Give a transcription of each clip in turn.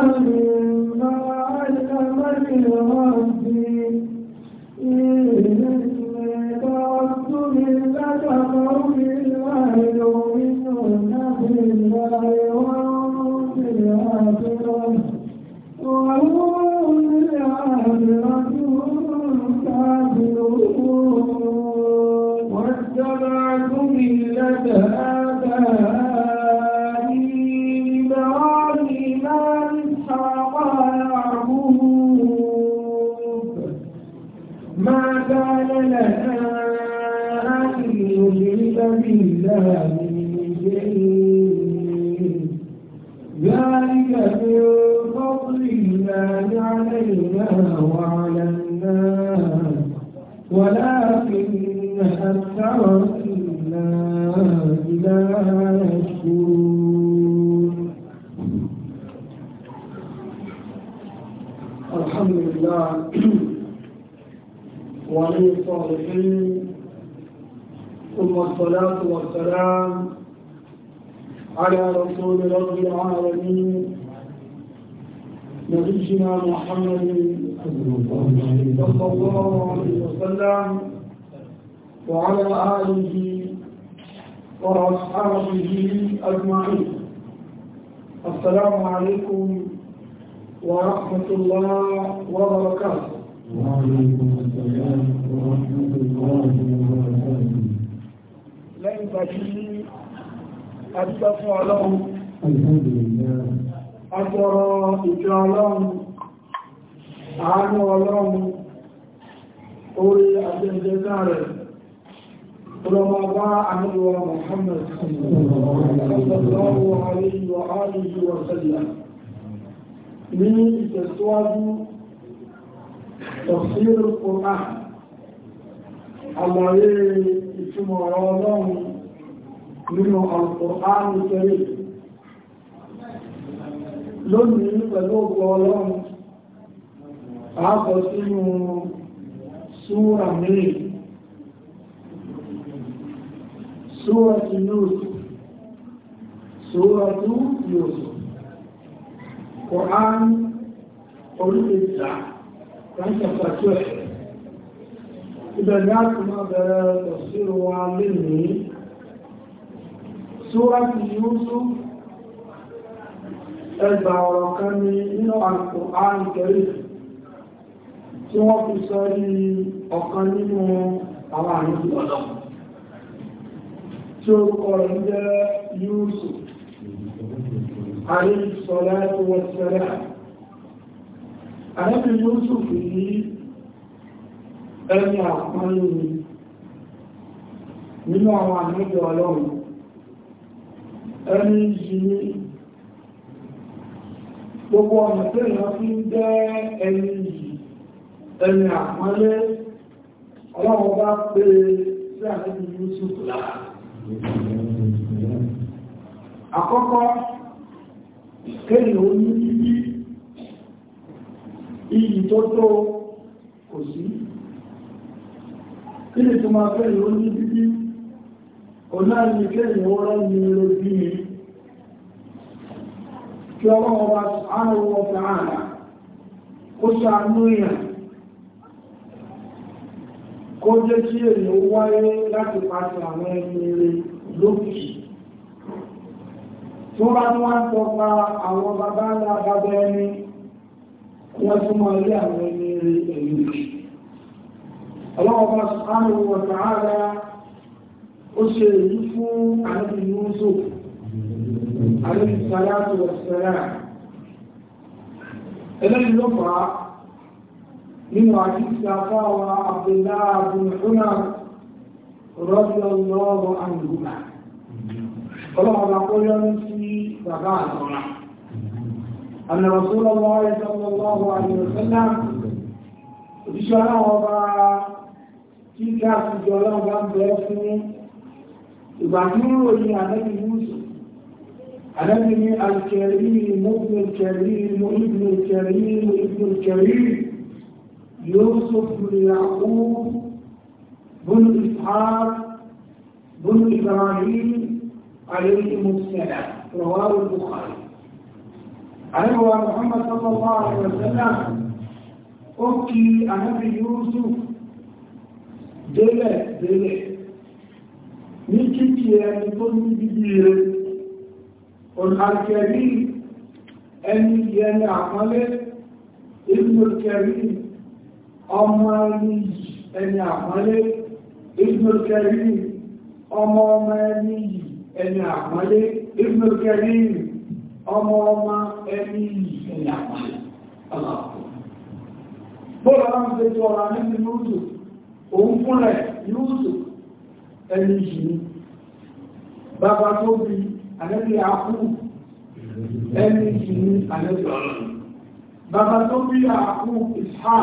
مما علمني ربي إني تركت ملة قوم لا والصلاة والسلام على رسول رب العالمين نبينا محمد صلى الله عليه وسلم وعلى آله وأصحابه أجمعين السلام عليكم ورحمة الله وبركاته وعليكم السلام àti àdúgbà fún ọlọ́run àtọrọ ìjọ ọlọ́run àánú ọlọ́run orí àjẹ́jẹ́gá rẹ̀ ọlọ́mọ bá àmìlúwà Muhammad sallallahu alayhi wa alihi wa sallam ní ìtumọ̀ ọlọ́run nínú Al-Qur'an Karim lónìí pẹ̀lú ọgbọ̀ ọlọ́run pàápọ̀ sínú súwà mìí súwà tí lóòsù súwà tó lóòsù Qur'an orílẹ̀-èdè ránṣẹ́fà tó ẹ̀ ìbẹ̀rẹ̀ àtúnmọ̀ bẹ̀rẹ̀ tọ̀síwà lónìí Súwájú Yúúsù ẹgbà ọ̀rọ̀ kan ní nínú àpò àìkẹ̀rẹ̀ tí wọ́n fi sọ ní ọ̀kan nínú àwọn àìyí ọ̀dọ̀. Tí orúkọ rẹ̀ ń jẹ́ Yúúsù, àríyí sọ̀lá ẹ̀kọ́ sẹ́rẹ̀. Àrẹ́bí Yúúsù fi ní ẹni àpáyé ẹni yìí gbogbo ọ̀nà tí èèyàn fi ń jẹ́ ẹni yìí ẹni àpọ́nlé ọlọ́run bá pé sí àtẹ́bí Yusuf lára àkọ́kọ́ kéèyàn ó ní yíyí iyì tó tó kò sí kí ni tó máa fẹ́ ìròyìn onáàrin kéyìn wọ́n ní lójú yìí kí ọlọ́wọ́ bá sàánù wọ́n sàánà kó sàánú èèyàn kó jẹ́ sí èèyàn wáyé láti pàṣẹ àwọn ẹni lókì tí bá ní wọ́n àwọn bàbá ńlá bàbá ẹni wọ́n tún máa rí ó ṣe èyí fún àrẹ́bì yúúsù àrẹ́bì sàlátù ọ̀sẹ̀rà ẹlẹ́yìn ló fà á nínú àdíṣì àfáwà Abdullah bin Umar radiyallahu anhuma ọlọ́run akọ́yọ́ ní sí bàbá أن رسول الله صلى الله عليه وسلم òṣìṣẹ́ ọlọ́run ọba kíkà bá ń bẹ̀ẹ́ fún ìgbà tí ó ròyìn àlẹ́bí yúùsù àlẹ́bí ní alkẹrí mọ́bí kẹrí mọ́ ìbìnú kẹrí mọ́ ìbìnú kẹrí yóò sọ́kùnrin àkó bọ́nù ìfàák بن إبراهيم عليهم السلام رواه البخاري أيوة محمد صلى الله عليه وسلم أبكي أنا يوسف دلة دلة ní kíkí ẹni tó ní bíbí rẹ̀ ọ̀nàkẹ̀rí ẹni ẹni àpọ́lẹ́ ìgbòkẹ̀rí ọmọ ẹni ẹni àpọ́lẹ́ ìgbòkẹ̀rí ọmọ ọmọ ẹni ẹni àpọ́lẹ́ ìgbòkẹ̀rí ọmọ ọmọ ẹni ẹni àpọ́lẹ́ bọ́ọ̀lá ń fẹ́ tọ́ra nínú lóòtù òun fúnlẹ̀ lóòtù ẹni yìí bàbá tó bí àlẹ́bí àkú ẹni yìí àlẹ́bí ọ̀rọ̀ bàbá tó bí àkú ìṣá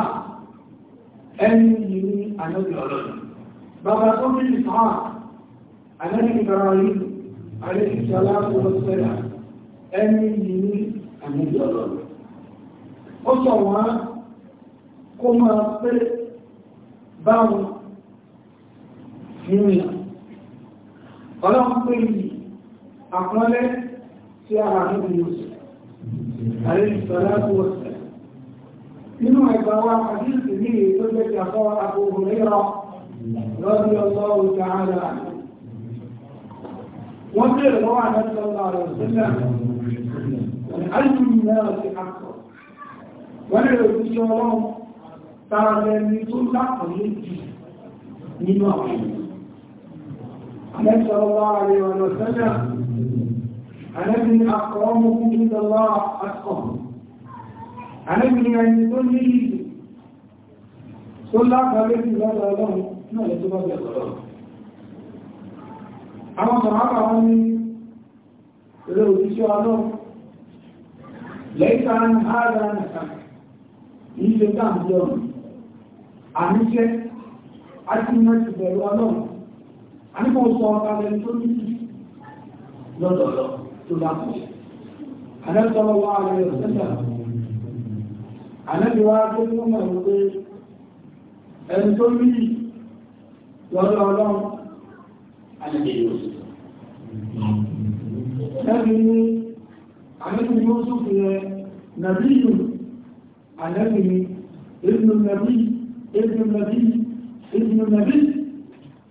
ẹni yìí àlẹ́bí ọ̀rọ̀ bàbá tó bí ìṣá àlẹ́bí Ibrahim àlẹ́bí sàlámù ọ̀sẹ̀lá ẹni yìí àlẹ́bí ọ̀rọ̀ ó sọ wọn kó máa pé báwọn nínú ìlà ọlọ́run pé yìí àpọ́nlẹ́ sí ara nínú ìlú àrẹ ìsọ̀lá nínú ẹ̀gbà wa àti ìsìnkú tó jẹ́ ti àkọ́ àbòrò lọ́dí ọgbọ́ wọ́n lè rò sí tààrẹ ní tó lápọ̀ méjì nínú àwọn ènìyàn النبي صلى الله عليه وسلم الذي أكرمكم عند الله أتقاكم الذي أن يقول لي صلى الله عليه وسلم ما يتبع àwọn sọ̀rọ̀kà wọn ní ilé òjíṣẹ́ ọlọ́run lẹ́ta ń hádà nìta ní ṣe dáàmì ọ̀rọ̀ àníṣẹ́ àti mẹ́sì bẹ̀rù ọlọ́run àníkò sọ ọ̀tà rẹ̀ tó ní lọ́dọ̀ọ̀lọ́ tó bá kú. Àdẹ́sọ̀rọ̀ wà rẹ̀ sẹ́sà. Àdẹ́bí wá tó ní ọmọ ìwé ẹni tó ní lọ́dọ̀ọ̀lọ́ àdẹ́bí yóò sọ. Ẹni ní àdẹ́bí yóò sọ fún ẹ nàbí yìí àdẹ́bí ní ìdùnnàbí ìdùnnàbí ìdùnnàbí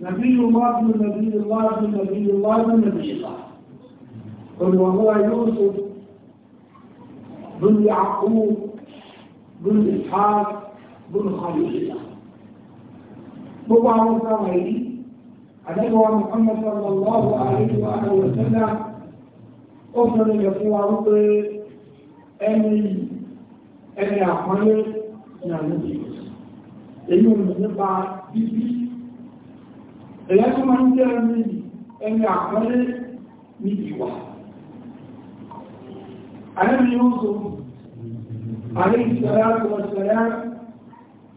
نبي الله ابن نبي الله ابن نبي الله ابن نبي الله قل وهو يوسف بن يعقوب بن اسحاق بن خليل الله بابا موسى غيري عليه محمد صلى الله عليه واله وسلم أفضل من يقوى رقر أمن أمن أحمد نعم نبي يوسف لأنه من نبع بيبي èyàn tó máa ń jẹ́ ẹni ẹni àpọ́lé ní ìwà àrẹ́bí yóò tó àrẹ́ ìṣẹ́lá ọ̀ṣẹ́lá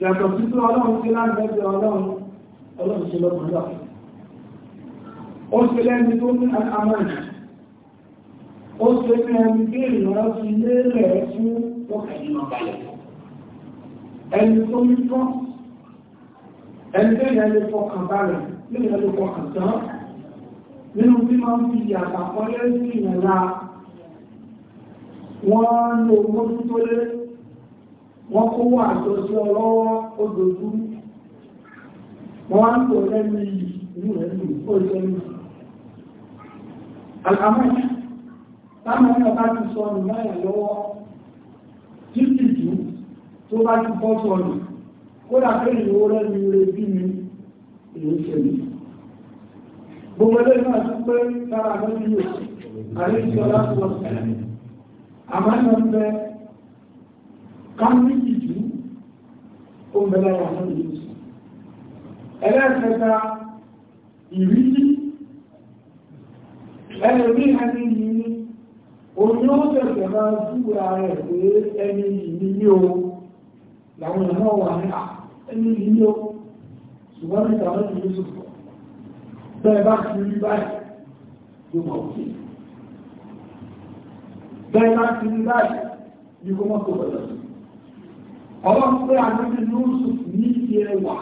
yàtọ̀ sí tó ọlọ́run sí lágbẹ́gbẹ́ ọlọ́run ọlọ́run sí lọ́pọ̀lọ́ ó ṣe lẹ́ni tó ní àmàlà ó ṣe ní ẹni bí ìrìnà ti lé rẹ̀ fún ọkàlì ọ̀bàlẹ̀ ẹni tó ní tán ẹni tó yẹ lè fọkàn balẹ̀ nínú ẹlòpọ̀ àtàn nínú bí máa ń fi ìyàtà ọlẹ́ sí ìrìnlá wọ́n ní owó títólé wọ́n kó wà ọlọ́wọ́ odòdú wọ́n á ń tò lẹ́nu ìlú rẹ̀ lù ó ìṣẹ́lú àkàmọ́ṣì táwọn ẹ̀yà bá ti sọ ọ̀nà mẹ́rin lọ́wọ́ títì jù tó bá ti bọ́ sọ̀rọ̀ kódà pé ìwó rẹ̀ ní ire bí mi ìlúṣèlú gbogbo ẹgbẹ́ náà tún pé lára lórí yóò àríṣẹ́ láti wọ́n sẹ́lẹ̀ àmọ́ ẹ̀nà ń bẹ kámíkì jù ó ń bẹ lára lórí yóò sọ ẹlẹ́ẹ̀kẹta ìrísí ẹlẹ́bí ẹni yìí ni òun ó tẹ̀sẹ̀ máa dúra rẹ̀ pé ẹni ẹni yìí ni yóò ṣùgbọ́n ní ìtàwọn ti ní ṣùgbọ́n bẹ́ẹ̀ bá ti rí báyìí ló mọ̀ òkè bẹ́ẹ̀ bá ti rí báyìí ní kó mọ́ tó bẹ̀rẹ̀ sí ọlọ́run pé àdúgbò ní oṣù ní ti ẹwà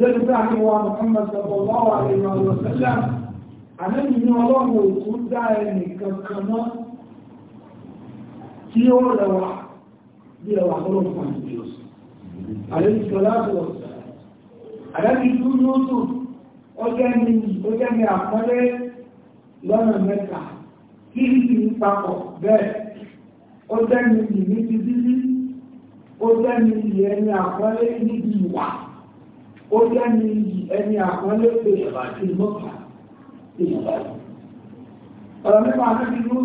lẹ́nu pé àdúgbò Muhammad sallallahu alaihi wa sallam àdúgbò ní ọlọ́run òkú dá ẹnì kankan mọ́ tí ó rẹwà bí ẹwà ọlọ́run pàdé jù àlejò láti wọ̀ àdájú tún lóòtù ó jẹ́ mi ó jẹ́ mi lọ́nà mẹ́ta kí ń papọ̀ bẹ́ẹ̀ ó jẹ́ mi yìí ti dídí ó jẹ́ mi yìí ẹni àpọ́lé níbi ìwà ó jẹ́ mi ẹni àpọ́lé pé ìmọ̀ta ìmọ̀ta ọ̀rọ̀ nípa àdájú ń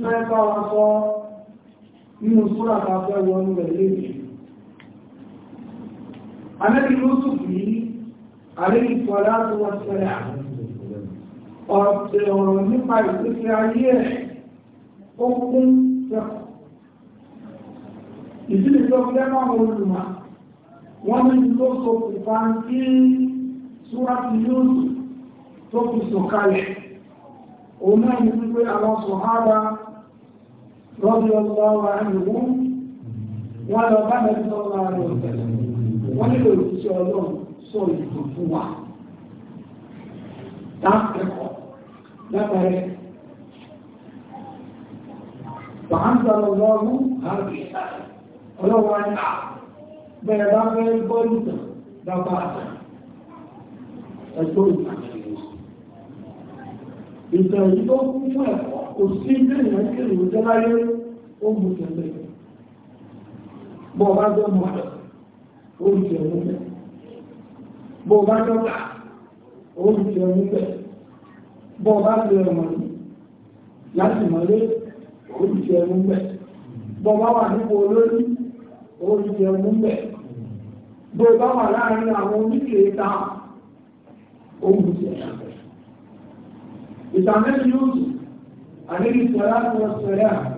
fẹ́ bá wa sọ nínú Ànábì Yusuf yìí àríyí tọ́lá tó wọ́n sẹ́lẹ̀ ọ̀pẹ̀ ọ̀rọ̀ nípa ìpínlẹ̀ ayé ẹ̀ ó kún sẹ́kù. Ìdílé tó fẹ́ máa wọ olùmọ̀ wọ́n ní ló so kùfà tí Súwájú Yusuf tó fi sọ̀kalẹ̀. Òun náà ní wípé àwọn sọ̀hárà rọ́bí ọgbà wa ẹ̀rù wọ́n lọ bá mẹ́rin sọ́lá rẹ̀ ọ̀tẹ̀lẹ̀ wọ́n nílò ìṣiṣẹ́ ọlọ́run sọ ìdùn fún wa dákẹ́kọ̀ọ́ lábẹ́rẹ́ fàánsàlọ̀ lọ́rùn àbí ọlọ́wọ́ àyà bẹ̀rẹ̀ bá fẹ́ bọ́ọ̀lù tàn dábà àtàn ẹ̀tọ́ ìtàn yìí tó kún fún ẹ̀kọ́ kò sí ilé ìrìnàjò ìrìnàjò láyé ó mú tẹ̀lé bọ́ọ̀ bá jẹ́ mọ́ oúnjẹ oúnjẹ bó bá dọ́gba oúnjẹ oúnjẹ bó bá fi ọmọ ní láti mọ̀lé oúnjẹ oúnjẹ bó bá wà nípò olórí oúnjẹ oúnjẹ àti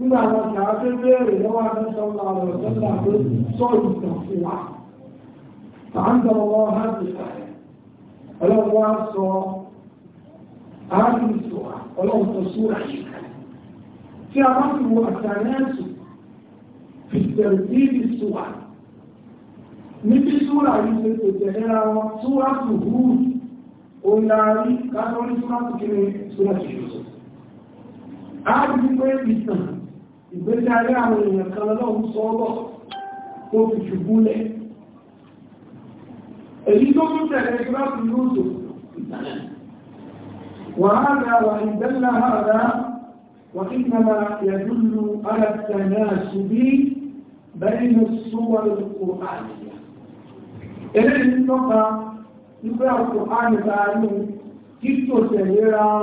nígbà àwọn ṣàáfẹ́ bẹ̀rẹ̀ lọ́wọ́ àtẹ́sọ́lá ọ̀rọ̀ sọ́lá pé sọ ìtàn fún wa tàǹtà ọwọ́ hàbìtà ọlọ́wọ́ sọ ààbìsọ̀ ọlọ́wọ́ sọ súra tí a bá ti wo àtàrẹ́sù fìtẹ̀lìdì súra níbi súra yìí ṣe kò tẹ̀lé wọn súra tù hù ó yarí súra tù kiri súra tù yóò sọ. a pé ìtàn يبقى اللي هنعمل ان الخلايا مصابه فوق الشبوله اللي دول انت هيجراك يوسف وهذا وان دل هذا وانما يدل على التناسب بين الصور القرانيه اذا انتم يبقى القران تعلم كيف تسيرها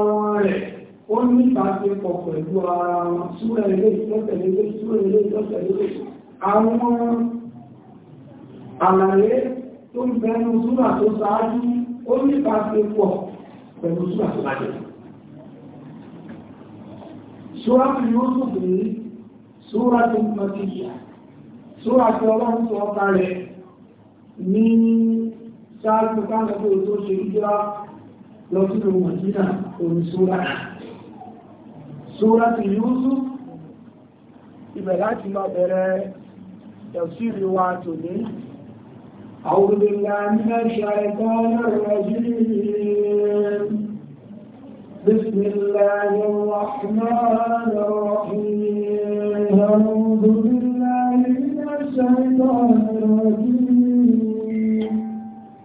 ó ní ìbáṣepọ̀ pẹ̀lú ara wọn súnrẹ̀ ilé ìtọ́tẹ̀lélé súnrẹ̀ ilé ìtọ́tẹ̀lélé àwọn àlàyé tó ń bẹnu súnà tó sáájú ó ní ìbáṣepọ̀ pẹ̀lú súnà tó lájẹ̀ súnrà tí ó sùn pé súnrà tó ń mọ́ sí ìyá súnrà tí ọlọ́run sọ ọ́ kalẹ̀ ní tó ṣe ìjọba lọ sínú Súrátì Yúsúf ibẹ̀ láti máa bẹ̀rẹ̀ tafsiri wa tòní. أعوذ بالله من الشيطان الرجيم بسم الله الرحمن الرحيم أعوذ بالله من الشيطان الرجيم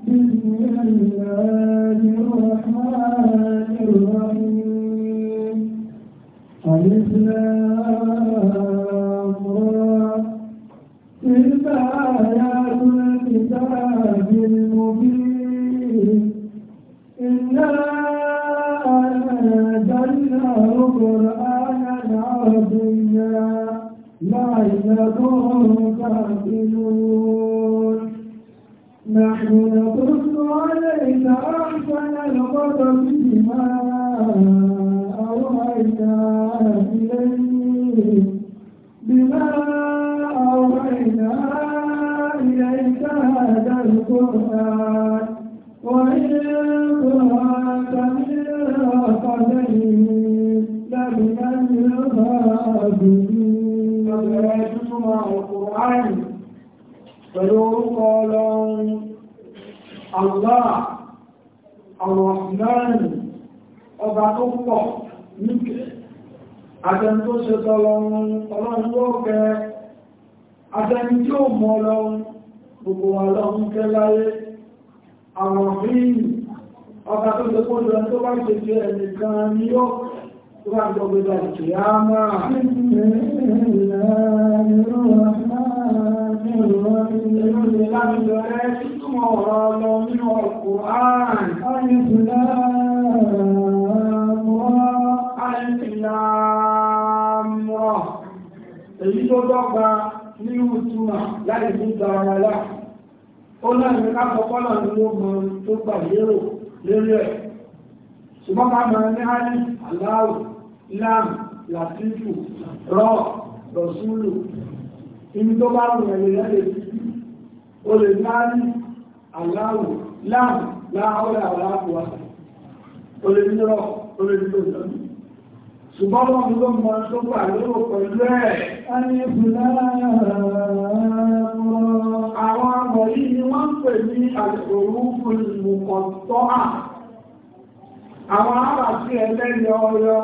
بسم الله àtẹni tó ṣe tọ́lọ́run ọlọ́run yóò kẹ́ àtẹni tí ó mọ́ ọlọ́run gbogbo ọlọ́run kẹ́ láyé àwọn fíìn ọba tó ṣe kójú ẹni tó bá ṣe ṣe ẹnìkan ni yóò tó bá jọ gbogbo àti àmà Alhamdulillah èyí tó dọ́gba nínú túnmà láì fún dára lá ó náà ní kápọ̀pọ́nà ní ó mọ tó gbà lérò lérí ẹ̀ ṣùgbọ́n ká mọ ní hálì aláwò lam latifu rọ rọ̀súlù ibi tó bá rùn ẹ̀lẹ́ lẹ́lẹ́ ó lè ní hálì aláwò lam láàárọ̀ aláàbò o lè ní rọ o lè ní lòdì ṣùgbọ́n wọn ló mọ tó wà lóò pẹ̀lú ẹ̀. a ní ìbùdá àwọn ọmọ yìí ni wọ́n ń pè ní àṣòrúkú ìmùkọ̀tọ́ à àwọn aláàfin ẹlẹ́yọ ọyọ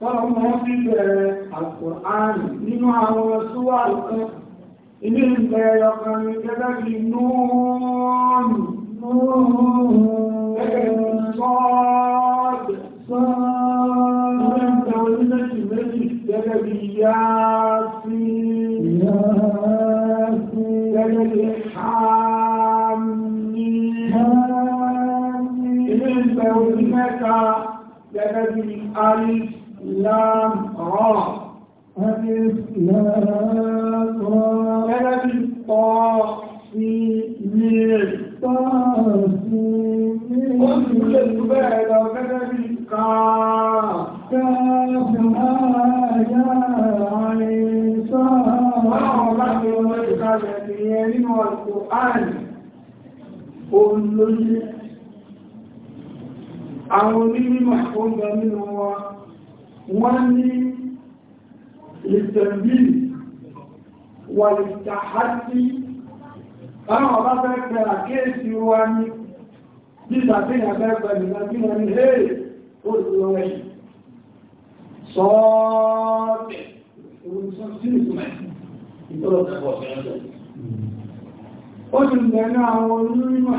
tọ́lọ mọ́ sí bẹ̀rẹ̀ àkùránì nínú àwọn ṣúwà kan ilé ìbẹ̀rẹ̀ ọkàn ní gẹ́gẹ́ bí nóòrùn nóòrùn gẹ́gẹ́ bí sọ́ọ̀dẹ̀ sọ́ọ̀dẹ̀ orí méjì méjì gẹ́gẹ́ bí yá sí gẹ́gẹ́ bí hàmì ilé ìgbẹ̀ orí mẹ́ta gẹ́gẹ́ bí alif lam ra alif lam ra gẹ́gẹ́ bí pọ̀ sí ní pọ̀ sí ní ó sì lè tó bẹ́ẹ̀ lọ gẹ́gẹ́ bí káà jẹ́ àárín sọ́ọ̀. Ọlọ́run bá fi ọmọ ìkàlẹ̀ ìyẹn nínú ọ̀pọ̀ àárín olóyé. Àwọn onímọ̀ ọgbà nínú wọn, wọ́n ní ìtẹ̀bí wà ìtàhátí. Báwọn ọba fẹ́ pẹ àkíyèsí wa ní bí ìgbà tí pẹ̀lú ìgbà tí ní, hey, ó lọ ẹ̀yìn. sọ́ọ̀tẹ̀ ó ti bẹ̀rẹ̀ àwọn olúrímà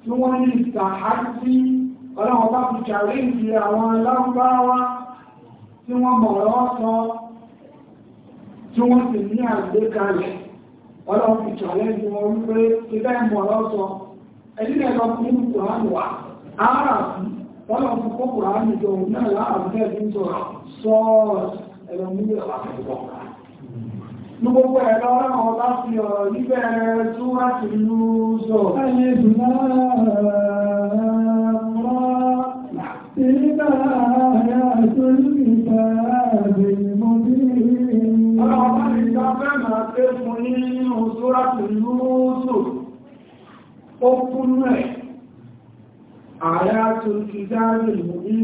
tí wọ́n ní ọlọ́wọ́ bá fi ìdí àwọn tí wọ́n sọ tí wọ́n ní àgbékalẹ̀ ọlọ́wọ́ fi ìdí wọn wípé ti bẹ́ẹ̀ sọ wọ́n fún kókò àmì jọ náà láàrùn ẹ̀bí tó sọ́ọ̀sì ẹ̀lọ́múlẹ̀ Gbogbo ẹ̀lọ ọ̀rọ̀ bá fi ọ̀rọ̀ níbẹ̀ tó wá ti lú àyàtò ìdáre ní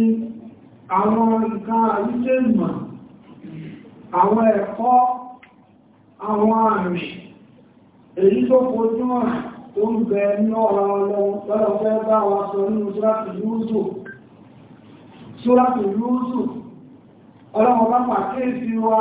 àwọn ìka ilé ìmọ̀ àwọn ẹ̀kọ́ àwọn àmì èyí tó fojú hàn tó ń bẹ náà lọ́rọ̀ fẹ́ bá wa sọ nínú súrátì lúúsù súrátì lúúsù ọlọ́mọba pàkíyèsí wa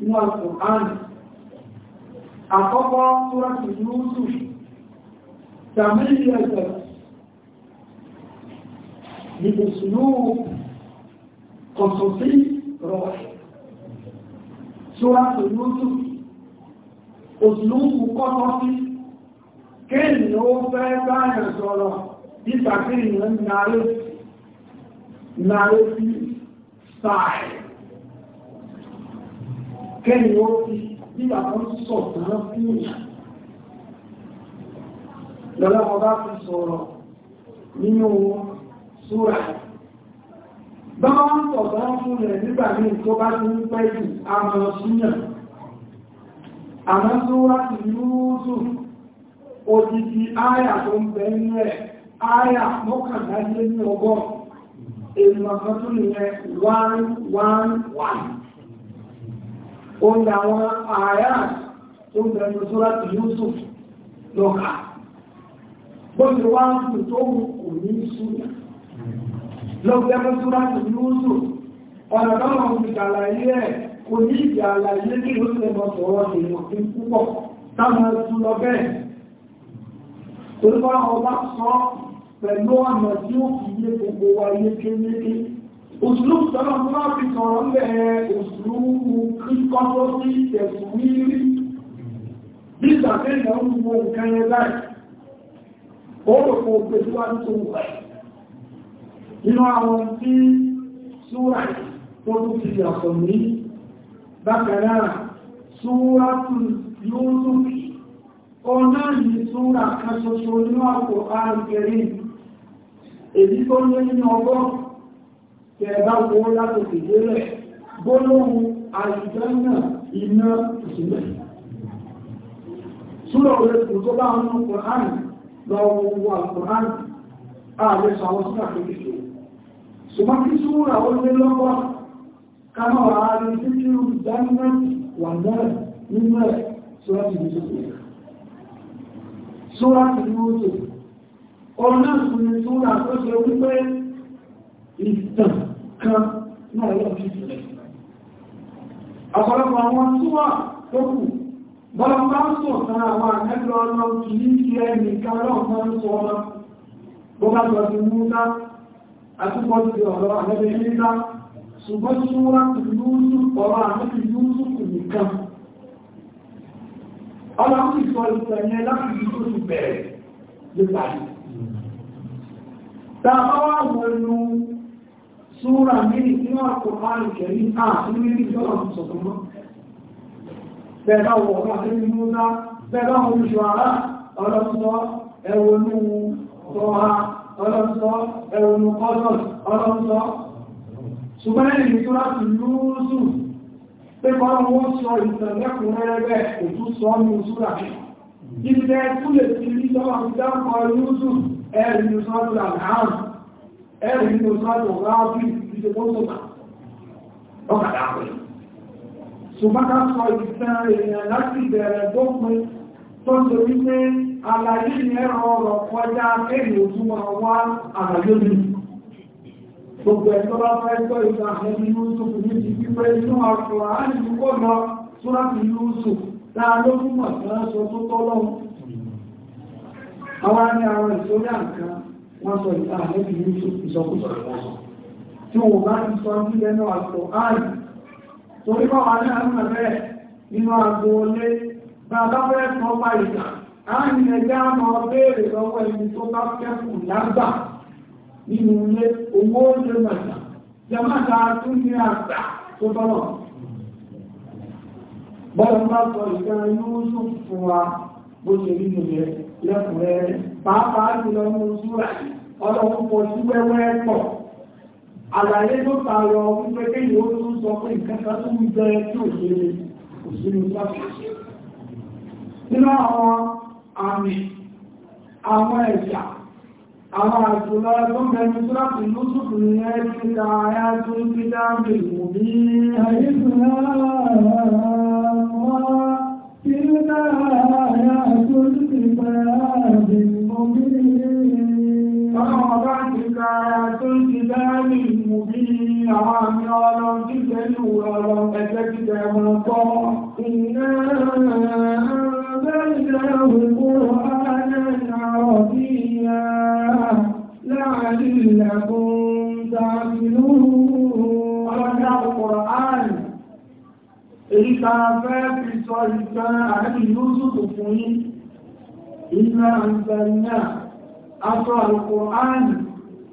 inú Al-Qur'an àkọ́kọ́ Súrátù Yúsùf tàbílì ẹ̀sẹ̀ ìbùsùnú kọ̀sọ̀sí rọ̀ Súrátù Yúsùf òsùnúkù kọ́kọ́ sí kéèyàn ó fẹ́ báyàn sọ̀rọ̀ nípa kéèyàn náà lé sí sáàrẹ̀ kẹ́ni ó ti bí àwọn sọ̀tàn fún ìyà lọ́lá ọba fi sọ̀rọ̀ nínú súra bá wọ́n sọ̀tàn fún rẹ̀ nígbà ní tó bá ti ń pẹ́ jù àmọ́ tó wá ti áyà tó ń bẹ 111 òun àwọn ààrẹ tó ń bẹ̀rẹ̀ lọ́sọ́rọ̀ àti Yusuf lọ́ka bọ́sẹ̀ wá ń fún tó mú kò ní ṣúgbà lọ́gbẹ́ lọ́sọ́rọ̀ àti Yusuf ọ̀nà tọ́lọ̀ ń fi àlàyé ẹ̀ kò ní ìjà àlàyé kí ló ṣe mọ́ sọ̀rọ̀ èèyàn fi púpọ̀ táwọn ẹ̀sùn lọ bẹ́ẹ̀ torípọ́ ọba sọ pẹ̀lú ọ̀nà tí ó fi yé gbogbo wa yé kéékèèké òṣùlùkù tọ́lá tó máa fi sọ̀rọ̀ ń bẹ̀ òṣùlùkù kíkọ́ tó sí ẹ̀sùn mírí bí ìgbàtẹ́yìn ọ̀rùn gbogbo nǹkan yẹn láì ó rò kò gbé síwájú tó wù ẹ̀ àwọn tí súra tó tún ti yàtọ̀ ní bákan náà súra tún yóò tún ọ̀nà yìí súra kan ṣoṣo nínú àpò àrùn kẹrin èyí tó lé ọgọ́rùn tẹ̀ẹ̀bá owó látòkè lélẹ̀ gbólóhùn àìjọ́nà iná ìṣẹ̀lẹ̀. Súrọ̀ olóòkù tó bá ń kọ̀ áàrì lọ owó àkùnrin ààrẹ sàwọn súrà kéèkéè. Ṣùgbọ́n kí súrà ó lé lọ́pọ̀ kámọ̀ ààrẹ títí ìdánimọ̀ wà náà nínú ẹ̀ súrà ti ìtàn kan náà lọ sí ìtàn ọ̀pọ̀lọpọ̀ àwọn tó wà tó kù bọ́lá bá ń sọ kan àwọn àmẹ́lọ ọlọ́ kì í fi ẹni kan lọ́pọ̀ ń sọ ọlọ́ bó bá sọ ti mú ná àtúkọ́ ti ọ̀rọ̀ àmẹ́lẹ̀ nígbà ṣùgbọ́n tí wọ́n súra míì nínú àkùnrin kẹrí ààrùn ní ìjọba sọ̀tọ̀ mọ́ bẹ́ẹ̀dá wọ̀n àtẹ́rí múná bẹ́ẹ̀dá oṣù ara ọlọ́sọ ẹwọnú tọ́ha ọlọ́sọ ẹwọnú ọlọ́s ọlọ́sọ ṣùgbọ́n ẹni tó láti lóòsù pé bọ́n wọ́n sọ ìtànlẹ́kùnrẹ́rẹ́ òtún sọ ní òṣùra ìgbẹ́ tó lè ẹ̀rì nínú sáàtò ráàbí ìdíje tó sọ̀tà lọ́kàdá pẹ̀. ṣùgbọ́n sọ ìtàn èèyàn láti bẹ̀rẹ̀ dópin tó ṣe wípé àlàyé ni ẹ̀rọ ọ̀rọ̀ kọjá ẹ̀rì òtúmọ̀ wá àlàyé mi gbogbo ẹ̀tọ́ bá fẹ́ tọ́ ìgbà ẹni Yusuf ní ti pípẹ́ inú àkùrà áìsù kọ́ lọ súnrápì Yusuf dáa ló fún mọ̀ sí ọ́sọ tó tọ́lọ́wọ́ àwọn ni àwọn ìsọ́lẹ̀ nǹkan wọ́n sọ ìta àlẹ́bí yíṣù ìsọkúsọ ìwọ̀n tí wọ́n bá ń sọ ní lẹ́nu àtọ̀ ààrì torí bá wà ní àwọn abẹ́rẹ́ nínú àgbo olé bá a bá fẹ́ sọ bá ìgbà ààrì ẹgbẹ́ àmọ́ béèrè lọ́wọ́ ẹni tó bá kẹ́kù lágbà nínú ilé owó oúnjẹ màjà jẹmáta tún ní àgbà tó tọ́lọ̀ bọ́lá bá sọ ìgbà inú sùn fún wa bó ṣe nínú pàápàá jùlọ ní òṣùwà ọlọ́run pọ̀ sí wẹ́wẹ́ pọ̀ àlàyé ló tààrọ wípé kéyìn ó tún sọ pé nǹkan kan tó ń jẹ tí ò ṣe òṣèlú sáfẹ́ nínú àwọn àmì àwọn ẹ̀ṣà àwọn àjùlọ tó mẹ́rin tó láti lóṣùkù ní ẹgbẹ́ ta ayá tó ń gbé dáàbì mú ní ayé tó náà تلك آيات الكتاب المبين فأعطتك آيات الكتاب المبين عامي ولم تسلوا ولم أتتك من إنا أنزلناه قرآنا عربيا لعلكم تعقلون èyí ta fẹ́ fi sọ ìta àárín lóṣùkù fún yí iná àǹtàríyà aṣọ àlùkò áàrùn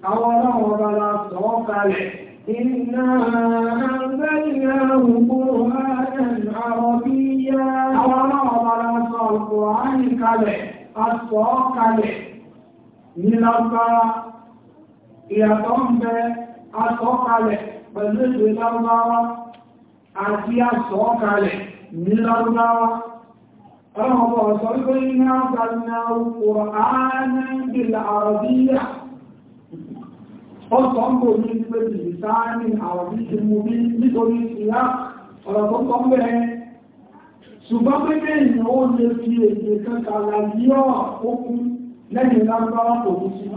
àwọn ọlọ́wọ́ bára iná àǹtàríyà òkú áàrùn àrọ̀bíyà àwọn ọlọ́wọ́ bára sọ kalẹ̀ aṣọ́ àti àṣọ́kalẹ̀ ní lárúbáwá ọlọ́wọ́ ọ̀sọ̀ wípé iná gbàmìnà òkúrò ààrẹ́gbìlà àrọ̀bíyà ọ̀sọ̀ ń bò ní pé ìsáàmì àrọ̀bí ti mú bí nítorí ìyá ṣùgbọ́n pé kéèyàn ó lè fi èdè kankanlá yíọ̀ òkú lẹ́yìn lárúbáwá kò ní sí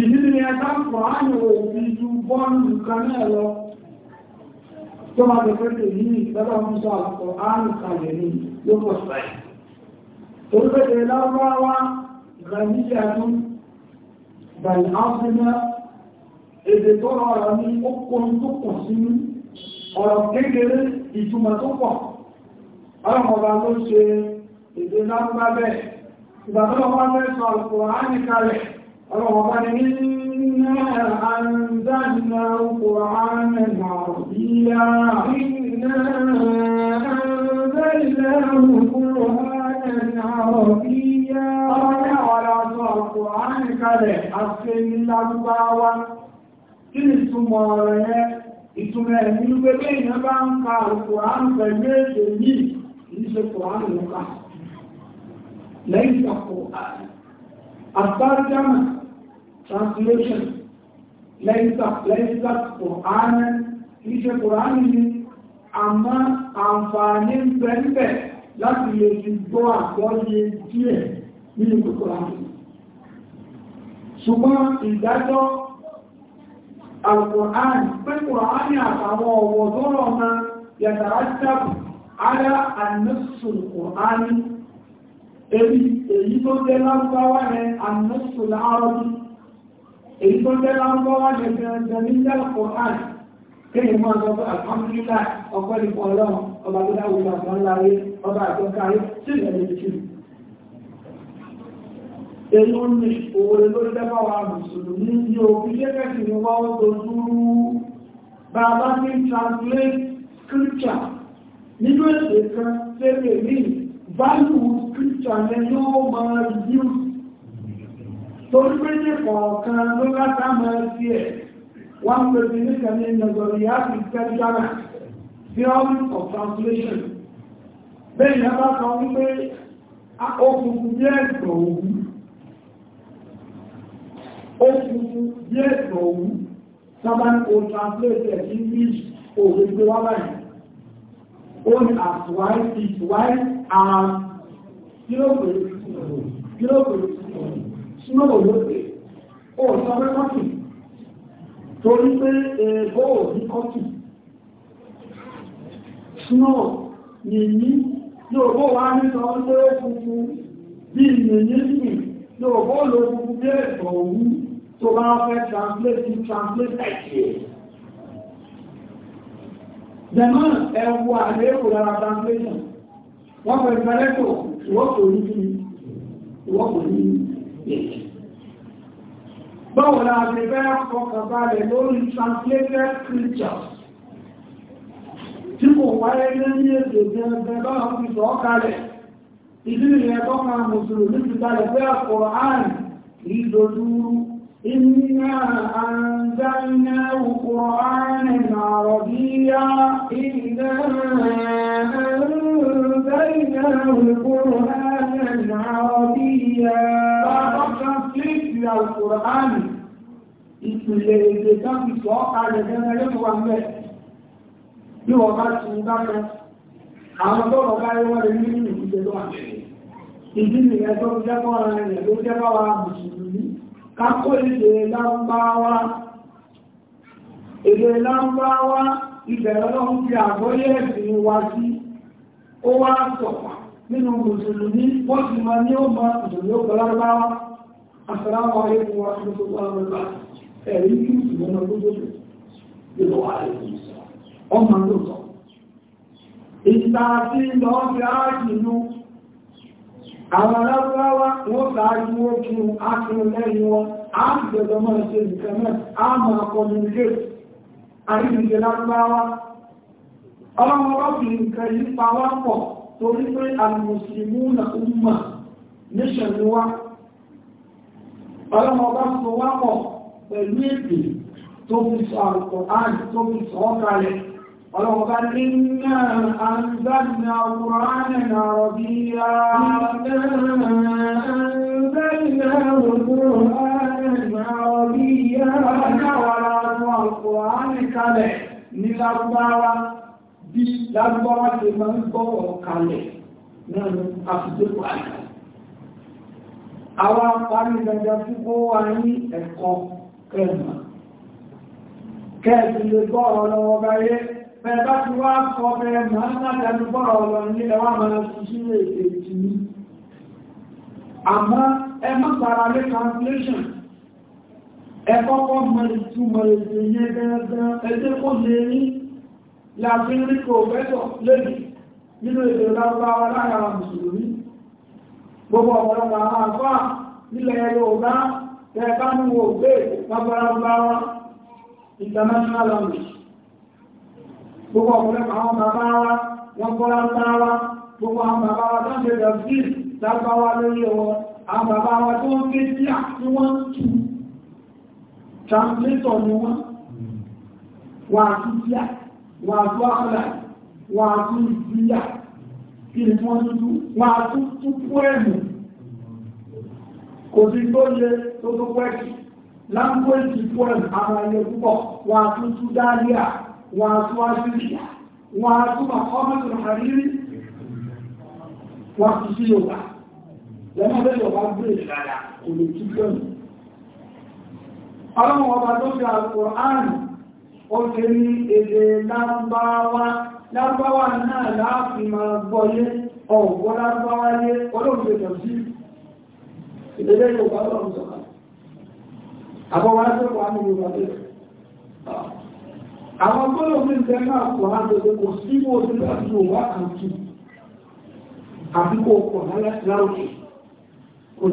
ìdílé ẹ̀ká kùránì òfin ju bọ́ọ̀lù kan náà lọ tó máa bẹ̀rẹ̀ pé ní ìfẹ́lẹ́ ọmọ sọ àpọ̀ àrùn kalẹ̀ ní yóò pọ̀ sáì torí pé tẹ̀lé lárúbáwá ìrànlíṣẹ́ àtún bàlì áfíríkà èdè tó rọrọ̀ ní ókun tó pọ̀ sínú ọ̀rọ̀ kékeré ìtumọ̀ tó pọ̀ ọlọ́mọba ló ṣe èdè lárúbá bẹ́ẹ̀ ìgbàtọ́lọ́wọ́ mẹ́sàn àpọ̀ àrùn kalẹ̀ ربنا إنا أنزلنا قرآنا عربيا إنا أنزلناه قرآنا عربيا أنا على القرآن kalẹ̀ àfẹ́ni lágbàwá kí ni túnmọ̀ rẹ̀ yẹ́ ìtumọ̀ ẹ̀mí wípé pé èèyàn bá ń ka Al-Qur'an pẹ̀lú èdè yìí kìí ṣe Qur'an lọ́ka lẹ́yìn àpò àbájámà translation lẹ́yìnsà kòránì iṣẹ́ kòránì ni àmá àǹfààní pẹ́ńpẹ́ láti lè fi gbọ́ àgbọ́yé díẹ̀ nínú kòránì ṣùgbọ́n ìdájọ́ alkùnrin pẹ́kùnrin àtàwọn ọ̀wọ̀ tọ́rọ ọ̀nà yàtàrà jàbù ara annasul kùnrin èyí tó jẹ́ lárúbáwá rẹ̀ annasul arọ́bí èyí tó jẹ́ láńkọ́wà lè jẹ́ nílẹ̀ ọ̀hán kéyìn máa sọ pé àkọ́mílá ọ̀pẹ́ ìpọ̀ ọlọ́run ọba tó dáwò ìgbàgbọ́ láyé ọba àtọ́kárí sí ìrẹ̀lẹ̀ ìjì èyí ń ní òwúrẹ́ lórí dẹ́bàwà mùsùlùmí ní òbí jẹ́kẹ́ sí ni wọ́n ó tó dúró bá a bá ní translate scripture nínú èdè kan tẹ́lẹ̀ ní value scripture ni yóò máa use torí méjì kọ̀ọ̀kan ló látàmọ́ sí ẹ̀ wọ́n pè sí nìkan ní nàìjíríà fi tẹ́jára theory of translation bẹ́ẹ̀ ni a bá sọ wípé okùnkùn bí ẹ̀sọ̀ òwú okùnkùn bí ẹ̀sọ̀ òwú sábà ní translate ẹ̀ sí English òwe gbé wá báyìí ó ní as white is white as kí ló snow ló pè ó sọ pé kọ́tì torí pé èèbó ò ní kọ́tì snow yìnyín yóò bó wá ní sọ pé ó funfun bí yìnyín sì yóò bó lo funfun bí ẹ̀sọ̀ òwú tó bá fẹ́ translate to translate ẹ̀kẹ́ jẹmọ́ ẹwọ àléébù lára translation wọ́n pẹ̀lú ẹ̀kọ́ ìwọ́pọ̀ ní ìwọ́pọ̀ ní ìlú Báwo la ti fẹ́ fọkànbalẹ̀ lórí translated creatures tí kò wáyé ní èdè gẹ̀ẹ́gẹ́ bá wọn fi sọ ọ́kalẹ̀. Ìdí ìrìn ẹ̀kọ́ máa mùsùlùmí ti balẹ̀ pé àkọ̀rọ̀ àrùn kì í dojúrú. Iná àǹdáná òkúrọ̀ àrùn àrọ̀bíyá iná àǹdáná òkúrọ̀ àrùn àrọ̀bíyá. tàbílìtì alùkùránì ìpìlẹ̀ èdè tàbí sọ ọ̀kàlẹ̀ gẹ́gẹ́ yóò wà mẹ́ bí wọ́n bá ti ń dákẹ́ àwọn tó rẹ̀ nínú lọ́wọ́ ìdí tó ara rẹ̀ ló wa mùsùlùmí èdè lárúbáwá èdè lárúbáwá ìbẹ̀rẹ̀ lọ́wọ́ fi àgbọ́yé ẹ̀sìn wa sí ó wá sọ̀pà nínú mùsùlùmí wọ́n ti Assalamu alaikum wa rahmatullahi wa barakatuh. Ẹ̀rí kí ìṣùgbọ́n ọdún tó ṣe yóò wà lè fi sọ. Ọmọ ló sọ. Ìta tí lọ sí áàjì inú àwọn aláwọ́wá wọ́n sáájú ó kí un á kí un lẹ́yìn wọn, á ń gbẹ̀dọ̀ mọ́ ṣe nìkan náà, á máa communicate, àríkìjẹ lágbáwá. Ọlọ́run rọ́bì nǹkan yìí pa wá pọ̀ torí pé àmùsùlùmí náà ń mà níṣẹ̀lú wa ọlọ́mọ bá sọ wá pẹ̀lú èdè tó fi sọ àrùkọ̀ áàdì tó fi sọ ọ́kàlẹ̀ ọlọ́mọ ní náà àǹdáàdìnà ọkùnránà nàrọ̀ bí i ní lágbára bí lágbára ṣe máa ń gbọ́ ọ̀kalẹ̀ náà ni a fi dé pàdé àwọn apárí dandan tí kó wá ní ẹ̀kọ́ kẹ́ẹ̀mà kẹ́ẹ̀sì lè gbọ́rọ̀ lọ́wọ́ báyé bẹ́ẹ̀ bá ti wá kọ́ bẹ́ẹ̀ máa ń látàrí gbọ́rọ̀ lọ ní ẹwà máa ti sílé èdè tì ní àmọ́ ẹ má gbára lé translation ẹ kọ́kọ́ mọ ìtumọ̀ èdè yẹn dandan ẹgbẹ́ kó lè ní láti rí kò bẹ́tọ̀ lẹ́yìn nínú èdè lágbára lára gbogbo ọ̀pọ̀lọpọ̀ àwọn àfá nílẹ̀ Yorùbá tẹ́ẹ̀bá ní wo gbé international language gbogbo ọ̀pọ̀lọpọ̀ àwọn àwọn wa ilé tí wọ́n dúdú wọ́n á tún tún fún ẹ̀mù kò sí tó lè tó tó pẹ́kì láńgbẹ́jì fún ẹ̀mù ara ilé púpọ̀ wọ́n á tún tún dáríà wọ́n á tún áṣíríà wọ́n á tún àkọ́mẹ́sùn àrírí wọ́n á tún sí yorùbá lẹ́mọ́ bẹ́ẹ̀ yorùbá gbé ìlànà kò lè tún fẹ́mù ọlọ́run ọba tó fi àkùrọ̀ àrùn ó ti ní èdè lámbáwá lágbáwá náà láàfin máa gbọ́yé ọ̀gbọ́ lágbáwá yé olóògbé lọ sí ìdílé yorùbá lọ́rùn sọ̀rọ̀ àbọ̀wá tó wà ní yorùbá bẹ́ẹ̀ àwọn gbọ́dọ̀ ní ìfẹ́ náà kò hàn lóde kò sí wo sí láti yorùbá kan tù àbí kò kọ̀ láwùjọ kò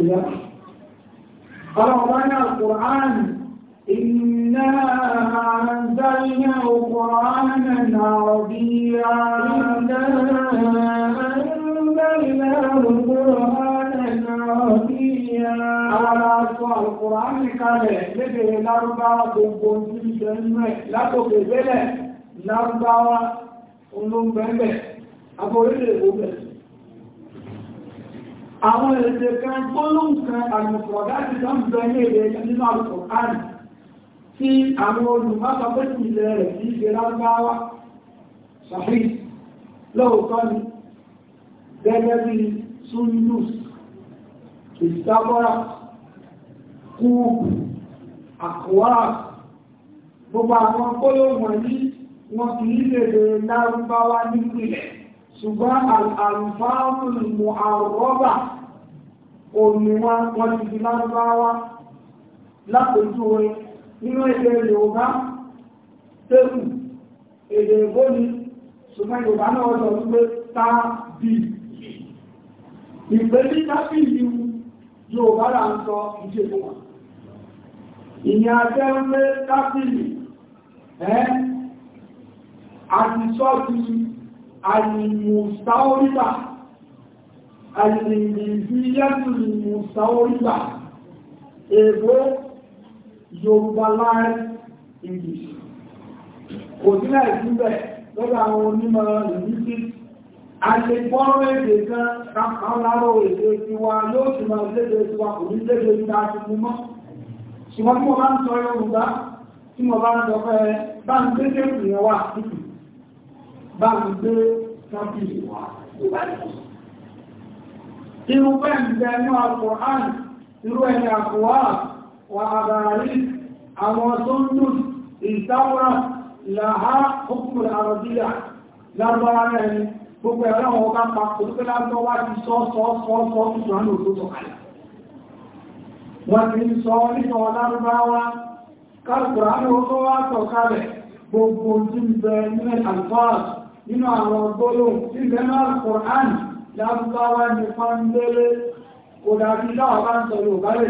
إنا أنزلناه قرآنا عربيا إنا أنزلناه قرآنا عربيا على أسوأ القرآن kalẹ̀ lédè lárúbáwá gbogbo ní ìṣẹ́lẹ̀ látòkè bẹ́lẹ̀ lárúbáwá olóńgbẹ́lẹ̀ aborílẹ̀ òbẹ̀. Àwọn èdè kan tó lóǹkan àlùkọ̀ọ́dá ti dán bẹ́ẹ̀ ní èdè nínú àlùkọ̀ọ́dá tí àwọn olùmọ́sọ̀pẹ́sì ilẹ̀ rẹ̀ tí ṣe lágbáwá ṣàfí lóòótọ́ ni gẹ́gẹ́ bí sunlus ìsìtàbọ́ra kúùkù àkọwàá gbogbo àwọn kólóhùn ní wọn kì í lè lè lárúbáwá nípìnlẹ̀ ṣùgbọ́n àlùfáàmù mọ̀ àrọ́bà òmìnira ti di lárúbáwá lápòjú orin nínú ẹgbẹ́ yorùbá tẹ́kù èdè ègbó ni ṣùgbọ́n yorùbá náà ọjọ́ wípé tábì ìpé ní tábì ìlú yorùbá là ń sọ ìṣe fún wa ìyẹn ajẹ́ wípé tábì ẹ́ àtisọ́ ti àyìnmùsáóríbà àyìnmùsáóríbà ègbó Yorùbá láì English kò sí láì lọ́dọ̀ àwọn onímọ̀ ìrísí àti èdè kan kápán láró èdè tiwa yóò sì máa léde tiwa kò ní léde nígbà mọ́ ṣùgbọ́n tí mo bá ń sọ Yorùbá tí mo bá ń sọ pé bá ń gbé yẹn wà síkù bá ń gbé wà irú wà àbàrí àwọn sundus ìsáwọ́ra làhá hukumul arabiya lágbára rẹ̀ ni gbogbo ẹ̀rọ àwọn ọba pa kò tó pẹ́lá tó wá ti sọ sọ sọ sọ ìṣòro àná òtó tó kalẹ̀ wọ́n ti ń sọ nínú ọlárúbáwá kálùkùrá ní ó tó wá tọ̀ kalẹ̀ gbogbo tí ń bẹ nílẹ̀ àlùfáà nínú àwọn gbóló tí ń bẹ náà kùrán lárúbáwá ní fáńdélé kò dàbí láwọn bá ń sọ Yorùbá lè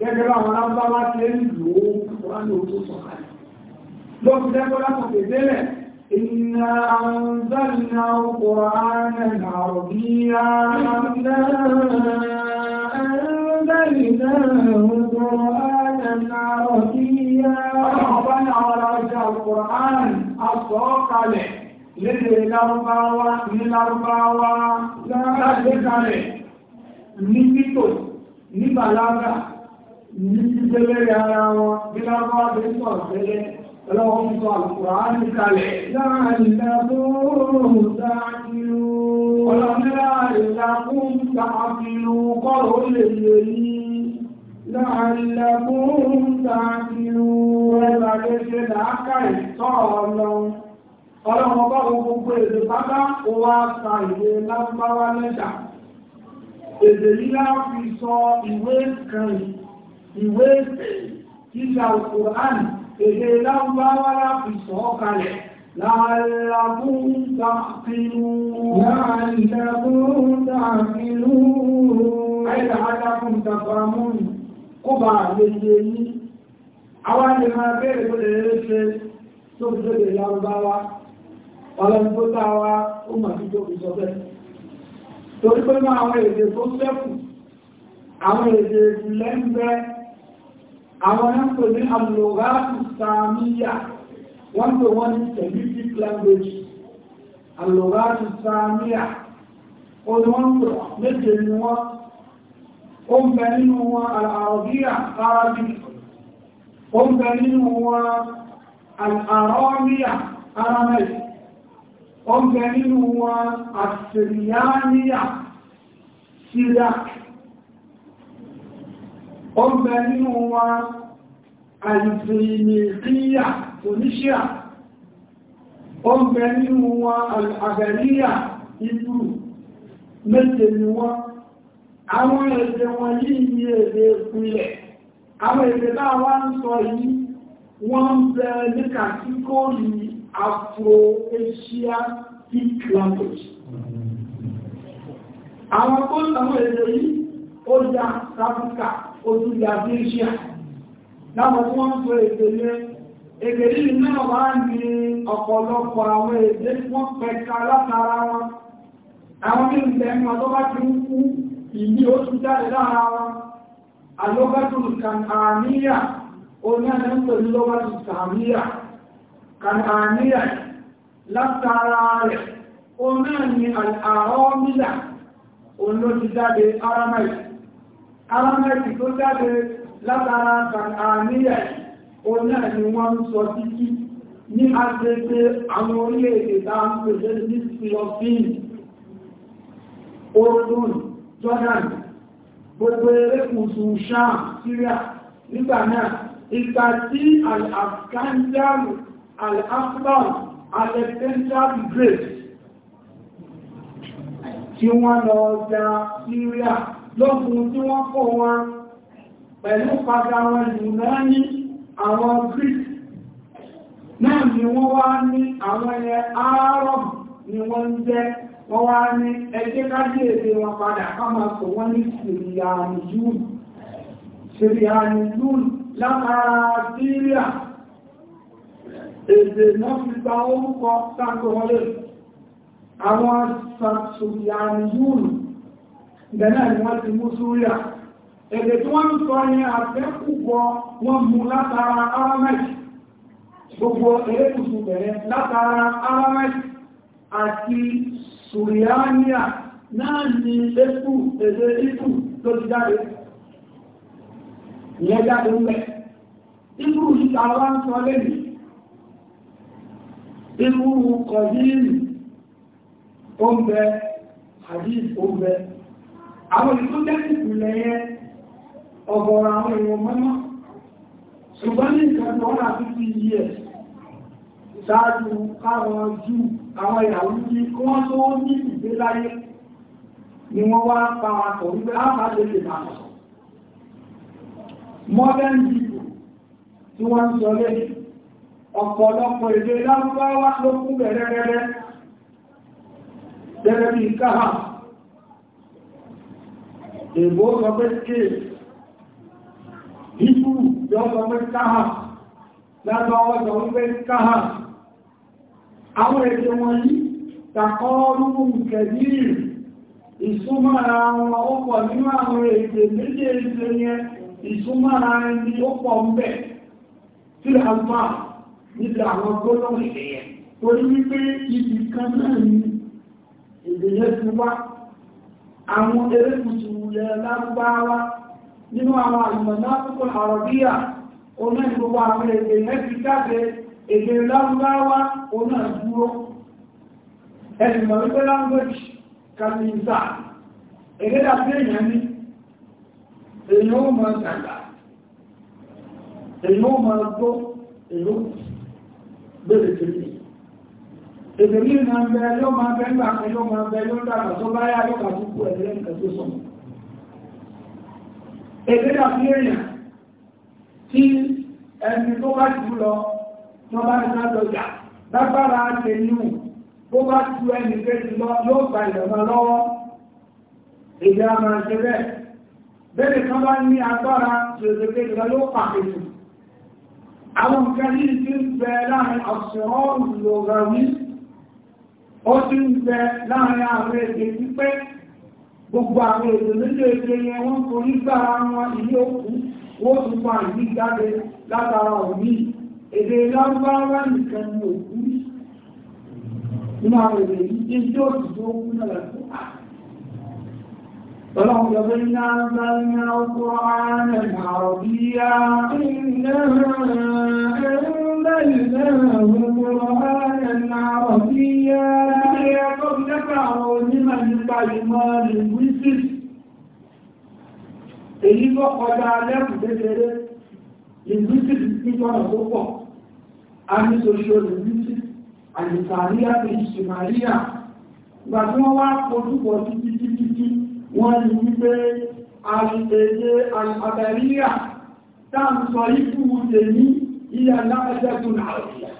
gẹ́gẹ́ bá wọn lábá wá sí ẹ̀rí lò ó wá ní ojú sọ̀kalẹ̀ lọ́pùdẹ́ kọ́ lápùpẹ̀ délẹ̀ إِنَّا أَنْزَلْنَا الْقُرْآنَ عَرْبِيًّا إِنَّا أَنْزَلْنَاهُ قُرْآنًا عَرَبِيًّا رَبَّنَا وَلَكَ الْقُرْآنُ أَصْلَحَ lédè lárúbáwá ní lárúbáwá láàrín kalẹ̀ ní títò ní bàlágà ní ṣíṣe lẹ́rẹ̀ ara wọn bí lábọ́ àti ní sọ̀rọ̀ tẹ́lẹ̀ ọlọ́wọ́n sọ àlùkùrá ní kalẹ̀ láàrin lábóòrùn dáadìrú ọlọ́mẹ́lá ìlàkún dáadìrú kọ́rọ̀ ó lè lè ní láàrin lábóòrùn dáadìrú ẹgbà lè ṣe làákà ìtọ́ ọlọ́run ọlọ́wọ́n bá wọn gbogbo èdè pátá ó sọ ìwé kan yìí ìwé ìgbà Qur'an èdè láwọ́wá láti sọ ọ́kalẹ̀ láàrínláàbùn tààkìlú láàrínláàbùn tààkìlú kó bá lè yẹ ní àwọn lè máa bẹ́rẹ̀ tó lè rẹ̀ ṣe tó fi lè láwọ́wá ọlọ́pọ̀tàwà ó mà sí tó fi sọ bẹ́ẹ̀ torí pé máa àwọn èdè tó sẹ́kù àwọn èdè ìlẹ́ńbẹ́ àwọn ẹ̀kọ́ ní alùgáàtù sàmíyà wọ́n pè wọ́n ní semitic language alùgáàtù sàmíyà ó ní wọ́n pè méje ni wọ́n ó ń bẹ nínú wọn alàrọ̀bíyà arabic ó ń bẹ nínú wọn alàrọ̀bíyà arabic ó ń bẹ nínú wọn asìríyàníyà syriac ó ń bẹ nínú wa àìsìnìyà oníṣíà ó ń bẹ nínú wa àgbẹ̀ríyà ibù méje ni wọ́n àwọn èdè wọn yìí ní èdè ìpìlẹ̀ àwọn èdè náà wá ń sọ yìí wọ́n ń bẹ ní kàtíkórì afro-asia speak language àwọn tó ń sàmọ́ èdè yìí ó yá sáfíkà ojú ya bí ṣíà láwọn tí wọ́n ń sọ èdè yẹn èdè yìí náà wá ní ọ̀pọ̀lọpọ̀ àwọn èdè tí wọ́n pẹ̀ka látara wọn àwọn ní ìlẹ̀ ẹ̀mọ́ tó bá ti ń kú ìlú oṣù jáde lára wọn alóbẹ́tùn kàníyà onílẹ̀ ń pẹ̀lú lọ́bẹ́tùn kàníyà kàníyà látara rẹ̀ onílẹ̀ ni àárọ̀ mílà olóòtú jáde aramẹ́sì alámẹ́sì tó jáde látara àníyà oní ẹni wọ́n ń sọ títí ní agbègbè àwọn orílẹ̀-èdè dáa ń pèsè ní philippines oregon jordan gbogbo erékùnsù sham syria nígbà náà ìgbà tí al-afghanistan al-afghan alexander the great tí wọ́n lọ ja syria lókun tí wọ́n kó wọn pẹ̀lú padà wọn yunani àwọn greek náà ni wọ́n wá ní àwọn ẹ̀ arab ni wọ́n ń jẹ́ wọ́n wá ní ẹgbẹ́ kájí èdè wọn padà káàmà kò wọ́n ní sìrìyàní yún sìrìyàní látara síríà èdè náà fi gba orúkọ sáàkó wọlé àwọn sìrìyàní yún ìbẹ̀ ni wọ́n ti mú súríà èdè tí wọ́n ń sọ ní àfẹ́kùbọ̀ wọ́n mú látara aramẹ́tì gbogbo erékùsù bẹ̀rẹ̀ látara aramẹ́tì àti sùríáníà náà ni ẹkù èdè ikù tó ti jáde ìyẹn jáde ń bẹ̀ ikú ìta wá ń sọ lẹ́yìn ikú kọ̀dínì ó ń bẹ àdí ó ń bẹ àwọn ìlú dẹ́kùnkù lẹ́yẹ ọ̀gọ̀rọ̀ àwọn èèyàn mọ́mọ́ ṣùgbọ́n ní ìkàtọ̀ wọ́n àti ti yí ẹ̀ ṣáájú káwọn jù àwọn ìyàwó ní kí wọ́n tó ní ìgbé láyé ni wọ́n wá pa wọn sọ wípé á máa lè modern people tí wọ́n ń sọ lẹ́yìn ọ̀pọ̀lọpọ̀ èdè lárúbáwá ló kún bẹ̀rẹ̀ rẹ̀rẹ̀ gẹ́gẹ́ bí káhàn èbó sọ pé scale ìbú yọ sọ pé káhà lábá ọjọ́ pé káhà àwọn èdè wọ̀nyí tàkọ́ lúgbù kẹ̀lú ìsúnmọ́ra wọn ó pọ̀ nínú àwọn èdè méjèèjì yẹn ìsúnmọ́ra ẹni ó pọ̀ ń bẹ̀ tí a bá níbi àwọn gbọ́nà ìdẹ̀yẹ torí wípé ibì kan náà ni èdè yẹn ti wá àwọn erékùsù ilẹ̀ lárúbáwá nínú àwọn àìmọ̀lá púpọ̀ àrọ̀bíyà oná ìgbogbo àwọn èdè mẹ́fíkàtẹ èdè lárúbáwá oná dúró ẹ̀lùmọ̀ wípé language kàmìsà èdè dàbí èèyàn ní èèyàn ó mọ̀ èdè ní ìnà ń bẹ yóò máa bẹ ńgbà kan yóò máa bẹ yóò dàgbà tó bá yá yóò kà tó kú ẹ̀lẹ́ nǹkan tó sọ̀rọ̀ èdè dàbí èèyàn tí ẹni tó bá jù lọ tó bá nínú lọ́jà lágbára ṣe nù tó bá ju ẹni kejì lọ yóò gba ìdàgbà lọ́wọ́ èdè a máa ṣe bẹ́ẹ̀ bẹ́ẹ̀ kan bá ní agbára ṣèṣe kejì lọ yóò pàkejì àwọn nǹkan yìí ti ń bẹ láàrin ọ̀sẹ̀ ọ̀rùn lọ́gàwí ó ti ń bẹ láàrin àwọn èdè gbogbo àwọn èdè méjèèjì yẹn wọ́n forí gbára wọn ilé òkú wọ́n tún fa ìdí jáde látara òní èdè lárúbáwá nìkan ni òkú nínú àwọn èdè yìí jẹ́ tí ó tó kú náà أنزلناه قرآنا عربيا قبلك عظيما بالإيمان المسلم èyí tó kọjá lẹ́kùn kékeré linguistics níjọ́ ọ̀nà tó pọ̀ a ní social linguistics àyíkàríà ìṣìmàríà gbà tí wọ́n wá kojúbọ̀ títí títí tí wọ́n ní wípé a àṣàbẹ̀ríà táà ń sọ ikú tèmi هي نعجة عافية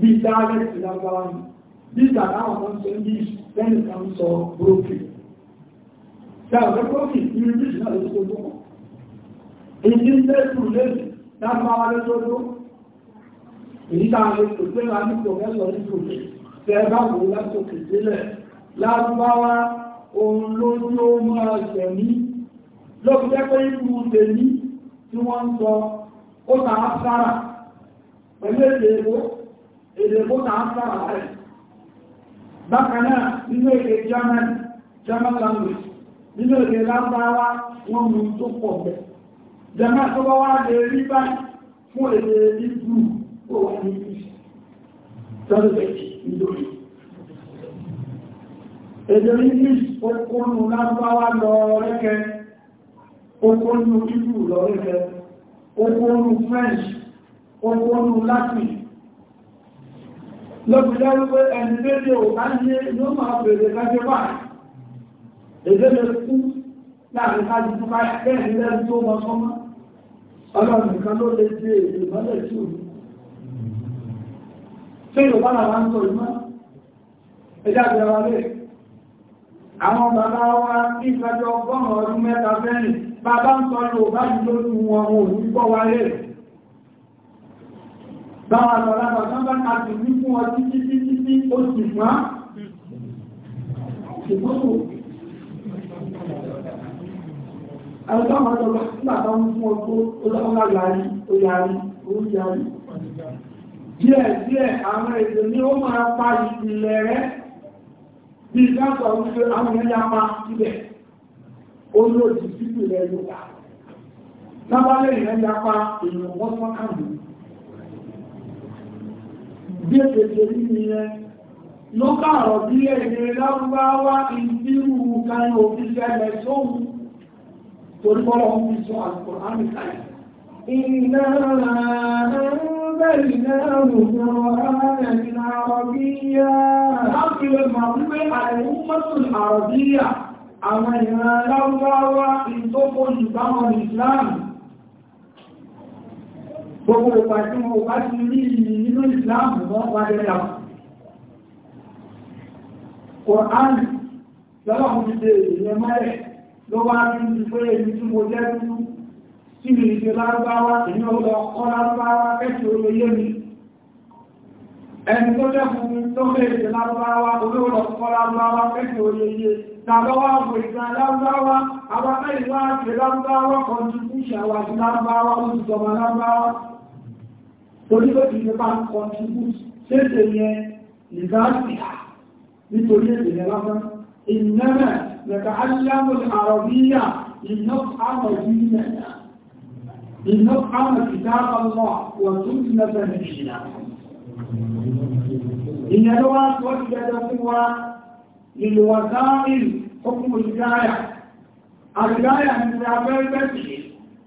بالدعوة إلى الله Nígbà táwọn kan sọ English, lẹ́nu kan sọ Brooklyn ṣàwọn kọ́kì ní ìrìnlẹ̀ náà ló tó gbọ́n èyí lẹ́kùn lẹ́sì dágbàwà lẹ́tọ́dọ́ èyí tààrẹ tó pé wà ní pọ̀fẹ́sọ̀ ní kòkè tẹ́ bá wò látòkè sílẹ̀ lágbàwà ohun ló ní ó máa ṣẹ̀mí lọ́pẹ́ pé ikú tèmi tí wọ́n ń sọ ó ta á sára pẹ̀lú èdè èbó èdè èbó ta á sára rẹ̀ bákan náà nínú èdè German German language nínú èdè lágbára wọ́n mú tó pọ̀ bẹ̀ jẹ́mọ́ tó bá wá lè rí báyìí fún èdè ìgbù ó wà ní ìgbù tọ́lẹ̀kì ìdòrí èdè English okòónù lágbára lọ rẹ́kẹ́ okòónù ìgbù lọ rẹ́kẹ́ ogónú french ogónú latin lọ́pìdá wípé ẹni lédè ò káyé ló máa bèèrè lájẹ́ wà èdè lè kú láàrin kájú tó bá kẹ́ẹ̀ẹ́ lẹ́nu tó mọ́ sọ́mọ́ ọlọ́run nìkan ló lè dé èdè mọ́lẹ̀ tí ò ní ṣé yorùbá làwọn ń sọ ìmọ̀ ẹjá jẹ́ wa lè àwọn bàbá wa ní ìfẹ́jọ ọgọ́rùn-ún ọdún mẹ́ta fẹ́yìn bàbá ń sọ yóò bá jù lórí wọn wọn ò ní bọ́ wa lè báwa lọ lábà tán bá ta sì ní fún ọ títí títí tí ó sì mọ́ ìgbóhùn àwọn ọmọ ọlọ́gbà nígbà bá ń fún ọgbó ọlọ́gbà yàrí oyàrí oríyàrí díẹ̀ díẹ̀ àwọn èdè ní ó máa pa ìpìlẹ̀ rẹ̀ bí ìgbàgbọ́ wípé àwọn èèyàn yá pa síbẹ̀ olóòtú títù rẹ̀ ló pa. Tábálẹ̀ ìrẹ́ yapa èèyàn wọ́n fọ́n kàmù. Bí èkèkè rí ni ẹ, lọ́kà ọ̀rọ̀ bí èdè lárúbáwá ìdírù kan òfin ṣẹlẹ̀ sóhun torí bọ́lọ̀ ń fi sọ àgbọ̀ láàmì káyà. Ìgbà أنزلناه قرآنا عربيا. لكن المعلومة الأمة العربية àwọn ìran aláwọ́wá ìtókò ìbáwọn ìsìláàmù gbogbo ọ̀pá tí wọ́n bá ti rí nínú ìsìláàmù wọ́n wáyé lọ Quran lọ́wọ́n ti dé ìrìnlẹ̀ mẹ́rẹ̀ ló wá rí ti pé èyí tí mo jẹ́ tú sí mi ìṣẹ́ lárúbáwá èyí ọlọ́ ọkọ́ lárúbáwá kẹ́kì olóyé mi ẹni tó jẹ́ fún mi tó fẹ́ ìṣẹ́ lárúbáwá olóòrọ̀ ọkọ́ lárúbáwá kẹ́kì olóyé tàbáwá bò ìtàn lágbáwá abáfẹ́ ìwá àti lágbáwá kọntribúṣì àwọn àti lágbáwá olùsọ̀mọ̀ lágbáwá torí ó ti nípa kọntribúṣì ṣéṣe yẹn nìgbàsíà nítorí èdè yẹn lásán ìnáwó lẹ́ka aláwọ̀ àrọ̀bíyà ìnáwó àmọ̀ ìdílé إنه حمل كتاب الله وسنة نبينا إن الوقت وجد هو للوسائل حكم الهداية الهداية من الأبيل بسي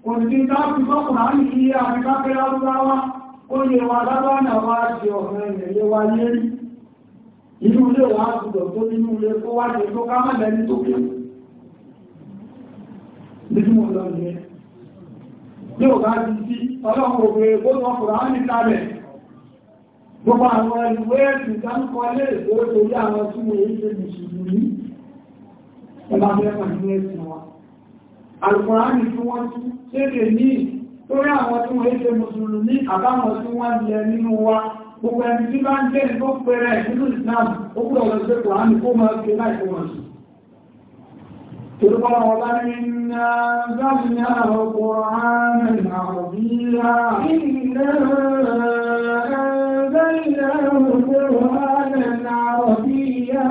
كنت تاكي فقران هي أبقاك يا الله قل يوالبا نواجي وهن يوالين inú ilé wa gbọdọ̀ tó nínú ilé kó wá jẹ tó ká má lẹ́ni tó kí nínú ọlọ́run yẹn yóò bá ti sí ọlọ́run òwe kó tọ́ fòrán ní kalẹ̀ Gbogbo àwọn ìwé ẹ̀sìn dánkọ lè ìgbòrò torí àwọn tí mo yìí ṣe mùsùlùmí ẹ̀bá mẹ́fà ní ẹ̀sìn wa. Àlùkùránì tí wọ́n tí ṣéde ní torí àwọn tí mo yìí ṣe mùsùlùmí àbáwọn tí wọ́n lẹ nínú wa. Gbogbo ẹni tí bá ń jẹ́ جعلناه قرآنا عربيا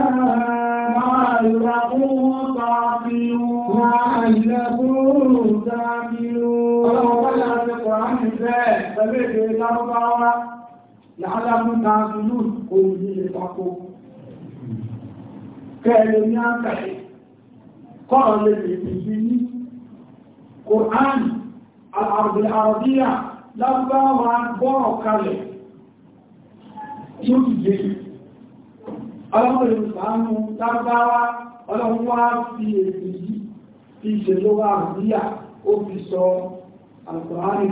لعلهم تعقلون لعلهم تعقلون أولا القرآن ذاك فبيت الأربعة لعلهم تعقلون قل لي تعقلون كلم ينتهي قال الإبليسي قرآن العرب العربية لما بارك له tí ó ti lè ọlọ́pọ̀lẹ̀ ìsànú ọlọ́wọ́ fi èdè yìí fi ìṣèlówà àríyà ó fi sọ àlùkùránì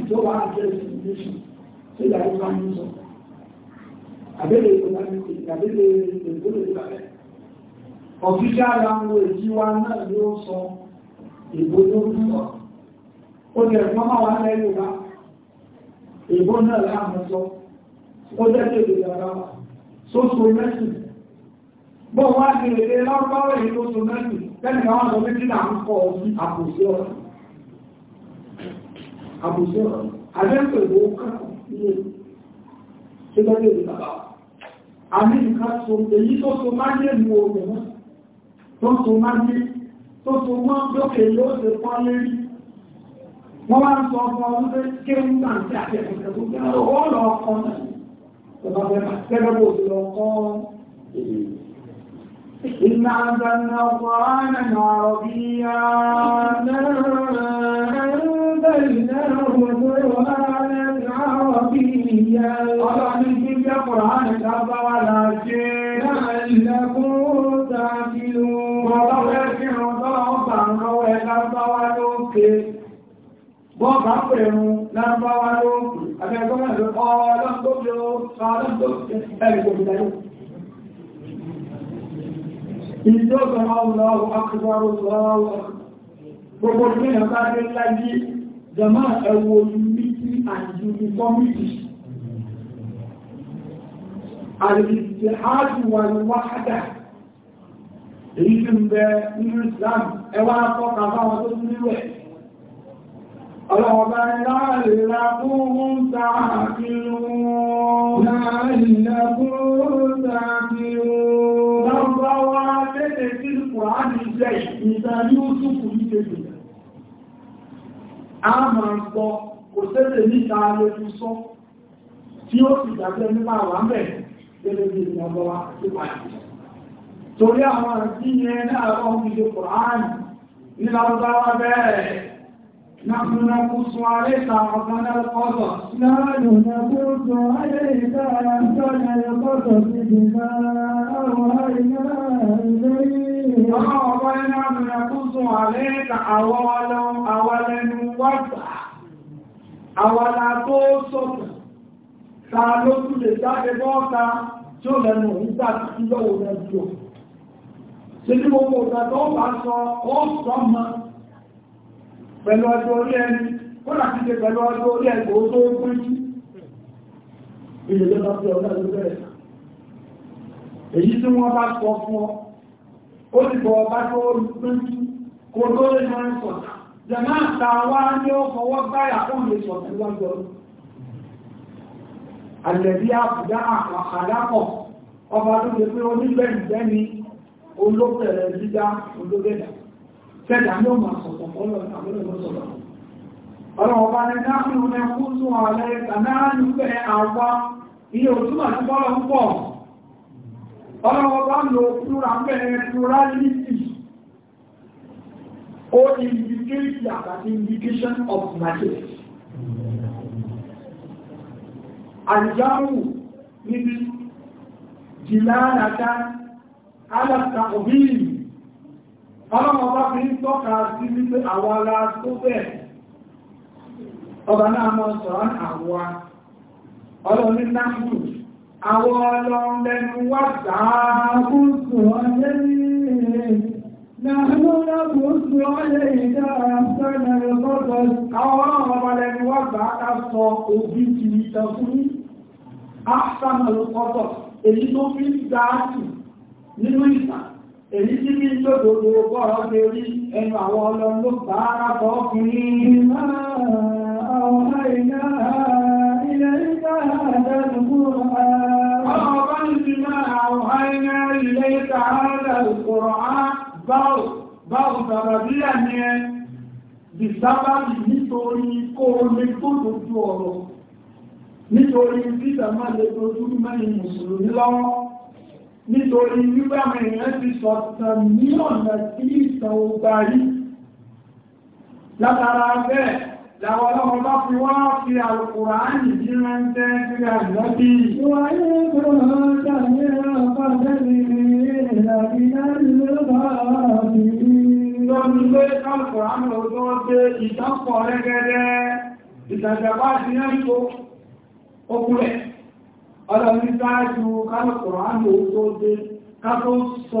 ìjọba àjẹ́ ìsìnkú ṣe ìdájọ́ bá ń sọ àbẹ́lẹ̀ ìgbàlẹ̀ ìgbàlẹ̀ ọ̀fíṣà ara wọn èjì wa náà ni ó sọ ìbò tó ń sọ ó jẹ́ ẹ̀gbọ́n máa wà lẹ́yìn wa ìbò náà láàmú sọ ó jẹ́ kéde ìjọba wa sóso mẹ́sìn bọ́ wá ní èdè lọ́gbọ́rọ̀ èyí tó so mẹ́sìn tẹ́lẹ̀ máa wọ́n sọ pé náà ń kọ́ ọdún àbòsí ọ̀rọ̀ àbòsí ọ̀rọ̀ àjẹ́sọ̀ ìbò kọ́ ṣe àmì nǹkan so èyí tó so máa ń lè mú omi tó so máa ń tó so wọ́n lókè yóò ṣe pọ́ lérí wọ́n wá ń sọ ọmọ ọdún pé kí ń gbà ń náà rọ̀bí ìyá. Ọlọ́ni tí jẹ́ Kùránì lábáwá la ṣe. Náà ilẹ̀kùn tàbí ló. Ọlọ́wẹ́ kí ràn tọ́lọ́wọ́ bà ń rọwọ́ ẹ lábáwá lókè. Bọ́ọ̀bá pẹ̀rún lábáwá lókè. Àbẹ̀gbọ́n ẹ̀rọ ọlọ́n tó bí ó sọ ọlọ́n tó ẹ̀rẹ̀ kò Ìjọba and uniformity. Al-Ittihad wal-Wahda. Èyí tí ń bẹ nínú Islam ẹwà àkọ́kà báwọn tó nílò ẹ̀. Ọlọ́ọ̀bá láàrínlá fún tààkìrún. Láàrínlá fún tààkìrún. Lọ́gbọ́ wá tẹ́tẹ̀ sí Kùránì jẹ́ ìtàrí ó túnkù ní tẹ́tẹ̀. A máa ń gbọ́ kò sẹ́lẹ̀ níta lójú sọ tí ó sì dàbẹ́ nípa àwọn mẹ́ gẹ́gẹ́ bí ìyàbọ̀ wa tó wà ní torí àwọn àti yẹn náà wọ́n fi ṣe ní lárúbáwá bẹ́ẹ̀ Nàkúnà kúsùn alẹ́ta ọ̀kan náà kọ́sọ̀. Nàánà kúsùn alẹ́ta ọ̀kan àwọn àìyá ìlẹ́yìn. Ọmọ ọ̀pọ̀ iná nàkúsùn àwọ́ ọlọ́run àwọ́lẹ́nu wọ́pàá àwọn ala tó sọ̀tàn ta ló tún lè jáde bọ́ọ̀ta tí ó lẹ́nu òun gbà tí lọ́wọ́ rẹ̀ jù ọ́ ṣe ní gbogbo ọ̀gá tó bá sọ ó sọ mọ́ pẹ̀lú ọjọ́ orí ẹni ó là ti ṣe pẹ̀lú ọjọ́ orí ẹgbò tó pín jù ìlèlé bá fi ọ̀gá ló bẹ̀rẹ̀ èyí tí wọ́n bá sọ fún ọ ó sì bọ̀ ọba tó pín jù kó tó lè máa ń sọ̀tà jẹ̀má àtàwà ní ó fọwọ́ báyà fún lè sọ̀tún lọ́jọ́ àlẹ̀bí àbúdá àkàlápọ̀ ọba tó lè pé onígbẹ̀rìndẹ́ni olóbẹ̀rẹ̀ dídá olóbẹ̀dà tẹ́jà ní ó máa sọ̀tọ̀ fọ́lọ̀ Ọlọ́wọ́ bá lò plúra mẹ́rin plurality Or indicate that an indication of material. Àjáwù níbi jìláàràká alàta òbíìlì, ọlọ́mọ bá fi ń tọ́ka sí wípé àwọn ará tó bẹ̀rẹ̀. Ọba náà mọ́ sọ̀rọ̀ àwọ́ ọlọ́ní náàbù, àwọn ọlọ́run lẹ́nu wà dáa نحن نقص عليك أحسن القصص àwọn ọmọlẹ̀ ni wọ́n gbà ká sọ òbí ti ìtàn fún ní أحسن القصص èyí tó fi dáàtì nínú ìtàn èyí tí ní lódòdó bọ́rọ̀ ṣe rí ẹnu àwọn ọlọ́lọ́ bá ara kọ́ fún ní ìmọ̀ àwọn àìyá ilẹ̀ ìgbà àdánùkú ọ̀rọ̀ ọ̀bá ní ti máa àwọn àìyá ilẹ̀ ìgbà àdánùkú ọ̀rọ̀ báwo sàràbíyà ni ẹ dìsábàbì nítorí kó o lè tó dojú ọ̀rọ̀ nítorí títà má lè dojú mẹ́rin mùsùlùmí lọ́wọ́ nítorí wípé àwọn èèyàn ti sọ̀tàn ní ọ̀nà tí ìtàn ò gbà yìí látara bẹ́ẹ̀ Làwọn ọlọ́run bá fi wá fi àlùkùránì ní ránṣẹ́ sí àjọ́bí. Wà ní ìgbòrò ọjọ́ ní ọ̀pá bẹ́ẹ̀ ni ìlàbíná ló bá fi rí. Lọ́nà ilé àlùkùránì ọjọ́ dé ìdápọ̀ rẹ́gẹ́rẹ́ ìtàjàbá ti yẹ́ ń tó ókúrẹ̀. Ọlọ́run ní sáájú kálùkùránì ọjọ́ dé ká tó sọ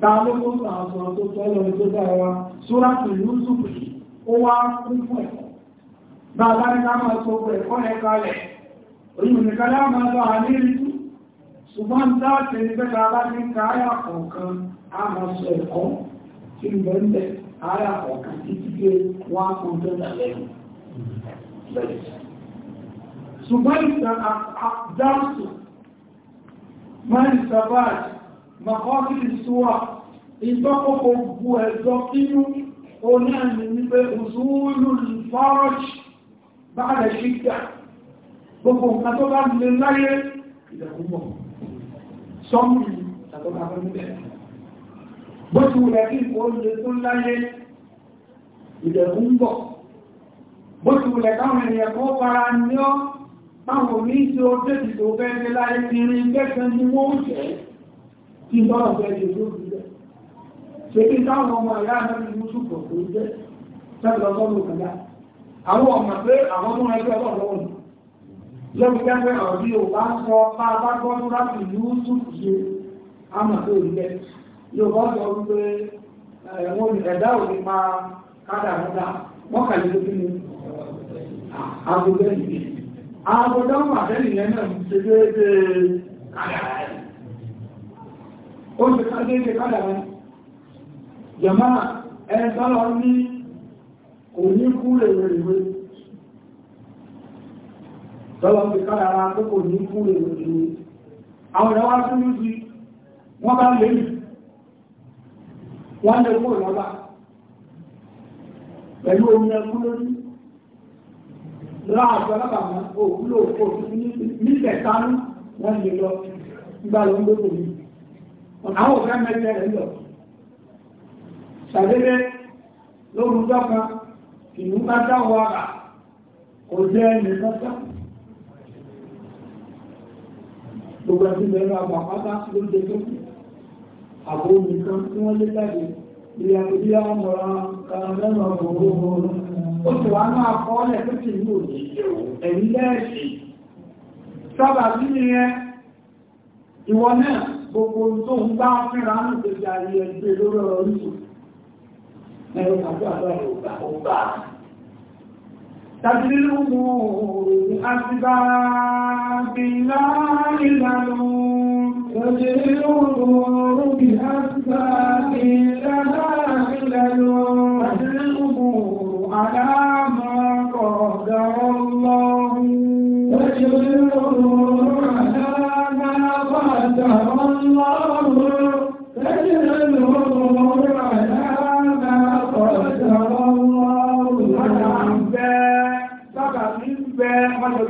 ta ló kó sọ àwọn tó tọ́ lọ tó dá wa sóra tó Yusuf ó wá kún fún ẹ̀kọ́ bá a bá ní ká máa sọ pé ẹ̀kọ́ yẹn kalẹ̀ oyún nìkan lá máa lọ àníri tú ṣùgbọ́n dáàtì ní pẹ́ta bá ní káyà kọ̀ọ̀kan a máa sọ ẹ̀kọ́ tí ń bẹ̀ ń bẹ̀ káyà kọ̀ọ̀kan títí dé wọ́n á kún tó dà lẹ́nu ṣùgbọ́n ìtàn àdáṣù máa ń sọ báyìí mọ̀kọ́sílì súwà ìgbọ́kọ́kọ́ bu ẹ̀zọ́ kínú onáàmì wípé òṣùúlù fọ́rọ̀ṣì bá rẹ̀ ṣígbà gbogbo nǹkan tó bá lè láyé ìdàkúmọ̀ sọ́mùlì tàbí àbẹ́múlẹ̀ bó ti wùlẹ̀ kí ìfò lè tó láyé ìdẹ̀kúmbọ̀ bó ti wùlẹ̀ káwọn ènìyàn kó fara ní ọ́ báwọn ní ìṣẹ́ ó tẹ́sì tó fẹ́ tí ń bọ́rọ̀ bẹ́ẹ̀ tó fi jẹ́ ṣe kí táwọn ọmọ ìyá náà ní mú ṣùgbọ́n tó jẹ́ sẹ́kì lọ́sọ́nù kàdá àwọn ọmọ pé àwọn ọmọ ẹgbẹ́ ọlọ́run lọ́wọ́ ni lọ́wọ́ gẹ́gẹ́ àwọn bí bá sọ bá bá gbọ́ láti ìlú tún ṣe àmà tó rí bẹ́ẹ̀ yóò bọ́ sọ wípé ẹ̀wọ̀n ẹ̀dá ò ní máa kádà múdà mọ́kànlélógún ni àgbo bẹ́ẹ̀ ni àgbo dáhùn àtẹ́nìyẹn náà ṣe déédéé kádà rẹ̀ ó ṣe ká déédé kádà rẹ̀ jẹ̀má ẹni tọ́lọ ní kò ní kú rèwèrèwé tọ́lọ ti kádà rẹ̀ pé kò ní kú rèwèrèwé àwọn ẹ̀rọ wá tún ní wọ́n bá lè wọ́n lè kó ìrọ́lá pẹ̀lú omi ẹkú lórí òkú ní ìtẹ̀sánú wọ́n lè lọ gbà àwọn òfẹ́ mẹ́tẹ́ rẹ̀ lọ ṣàdédé lóòrùn dọ́kan ìlú kò jẹ́ nìkọ́sá gbogbo ẹ̀sìn bẹ̀rẹ̀ àgbà ló jẹ́ tó kù àbò nìkan tí wọ́n lé jáde ìyá tó bí wọ́n mọ̀ ra ó sì wá náà kọ́ọ́lẹ̀ tó ti ní òjì ẹ̀yìn lẹ́ẹ̀sì sábà sí ni ẹ ìwọ náà gbogbo tó ń bá fẹ́ra ní ìgbésí ayé ẹgbẹ́ lórí ọ̀rọ̀ orísun ẹ̀rọ tàbí àbáyé ògbà ògbà tàbí nínú mú òòrùn àtibá bí láàrín ìlànà Oje oòrùn bí àtibá bí láàrín ìlànà àti mú òòrùn àdáàmù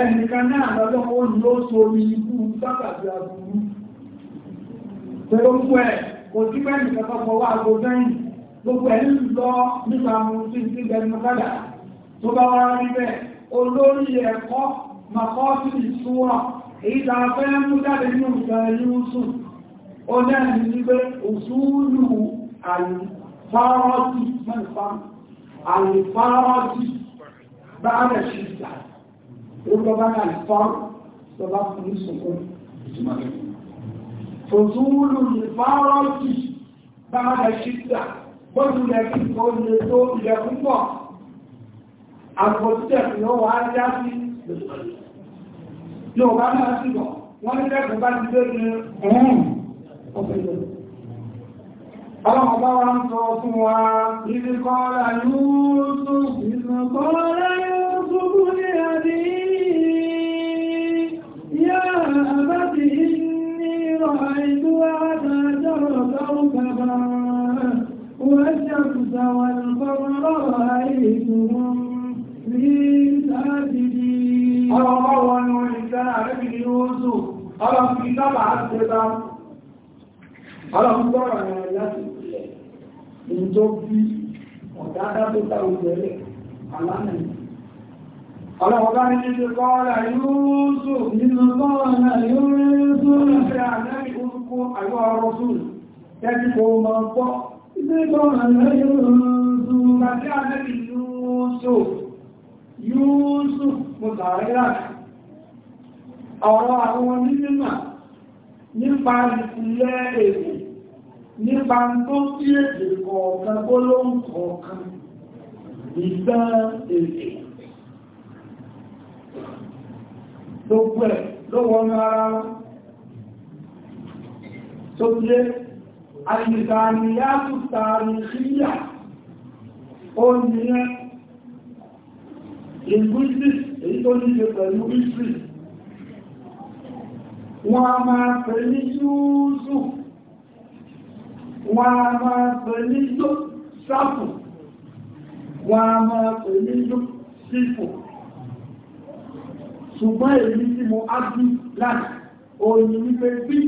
ẹnìkan náà lọ́jọ́ ó ní ó so omi ikú sábàbí agbúrú pẹ̀lú gbogbo ẹ̀ kò sí pẹ́ nìkan tó fọwọ́ aago sẹ́yìn gbogbo ẹ̀ ń lọ nípa mu sí sí bẹnu kádà tó bá wá rí bẹ́ẹ̀ olórí ẹ̀kọ́ màkọ́ sí ìṣúra èyí tá a fẹ́ mú jáde ní òṣà ẹ̀yìn sùn ó náà ní wípé òṣùlù àlùfáàrọ́tì mẹ́fà àlùfáàrọ́tì bá rẹ̀ ṣe ìdájọ́ orúkọ bá kà fọ́ tó bá fún ní sọ̀kọ́ fòtúwúlù ní fárọ́ọ̀tì bá rẹ̀ ṣíta bọ́ọ̀lù rẹ̀ kí kò lè tó ilẹ̀ púpọ̀ àgbòtítẹ̀ ni ó wà á já sí yóò bá náà sí bọ̀ wọ́n ní lẹ́kùn bá ti lé ní ẹ̀hún ọ̀pẹ̀ ìlú ọlọ́mọ bá wá ń sọ fún wa ìdíkọ́ ọ̀rẹ́ yóò tó ìdíkọ́ ọ̀rẹ́ yóò tó oa aaai weụ hea diriaaiaaiozu d zonye zu detaụkwụ atụ kẹ́kí kò mọ̀ pọ́ ilé tọ́rọ lẹ́yìnrùn-ún nípa ìpìlẹ̀ èdè nípa tó sí èdè kọ̀ọ̀kan gbólóhùn kọ̀ọ̀kan ìtàn èdè tó pẹ̀ lówọ́n ara tó jẹ́ àìsàníyàtù tààrífíyà ó ní ẹ́ linguistics èyí tó ní ṣe pẹ̀lú history wọ́n a máa pè ní yúúsù wọ́n a máa pè ní yóò sáfù wọ́n a máa pè ní yóò sífù ṣùgbọ́n èyí tí mo á bí láti òyìn wípé bí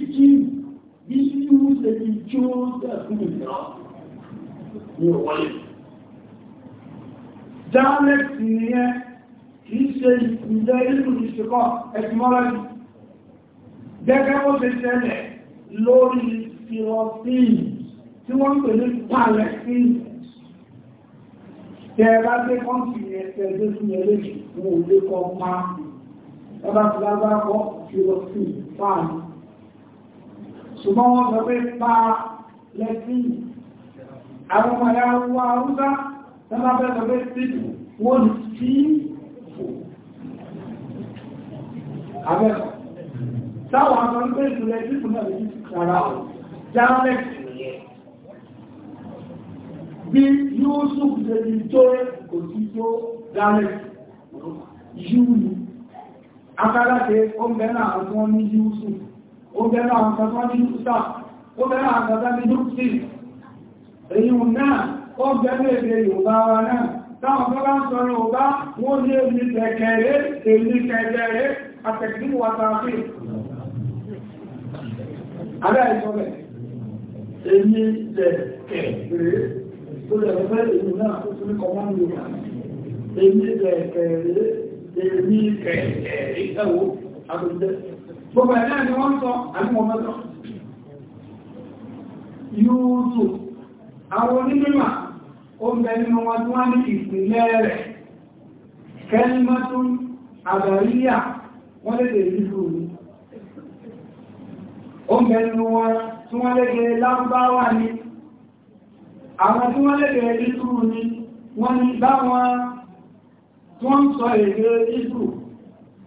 bí yíò ṣe ti jó dẹ̀kùn ìrọ̀ ní òwọlé dialecti ni ẹ kìí ṣe ìjẹ́ ìlú ìṣẹ́kọ́ etymology gẹ́gẹ́ bó ṣe ṣẹlẹ̀ lórí philosophy tí wọ́n ń pè ní palestine tẹ́ẹ̀bá tẹ́ kọ́ǹtì ẹ̀ẹ́sẹ̀ tó fún ẹlẹ́jì wọn ò lé kọ́ pa ẹbá ti lágbára kọ́ philosophy fáàlì ṣùgbọ́n wọ́n sọ pé pa lẹ́sí àwọn ọmọ ya wọ arúgbá tẹ́lá fẹ́ sọ pé sípò wọ́n sí fò abẹ́kọ̀ o jálẹ̀kì bí Yusuf ṣe ti tó kò sí tó jálẹ̀kì yúù akádáṣe ó ń bẹ́ náà àwọn ní Yusuf ó bẹ̀rẹ̀ àkàtà ní ṣúta ó bẹ̀rẹ̀ àkàtà ní dúkì èyàn náà ó bẹ̀rẹ̀ èdè Yorùbá wa náà táwọn tó bá ń sọ Yorùbá wọ́n ní èdè kẹkẹrẹ èdè kẹkẹrẹ àtẹ̀kí wà tààfí aláìsọ́lẹ̀ èyí lẹ̀kẹ̀rẹ̀ tó lẹ̀fẹ́ èyàn náà tó tún kọmọ́ Yorùbá èyí lẹ̀kẹ̀rẹ̀ èyí kẹkẹrẹ ẹ̀wọ́ àtẹ̀kẹ̀rẹ̀ gbogbo ẹ̀dá ni wọ́n sọ àmúwọ̀ mẹ́tọ́ yóò àwọn onímọ̀ ó ń nínú wọn tí wọ́n ní ìpínlẹ̀ rẹ̀ kẹ́lìmọ́tún àgbàríyà wọ́n lè tèèrè ìfúrú ní ó ń nínú wọn tí wọ́n lè tèèrè lámbáwà ní àwọn tí wọ́n lè tèèrè ìfúrú ní wọ́n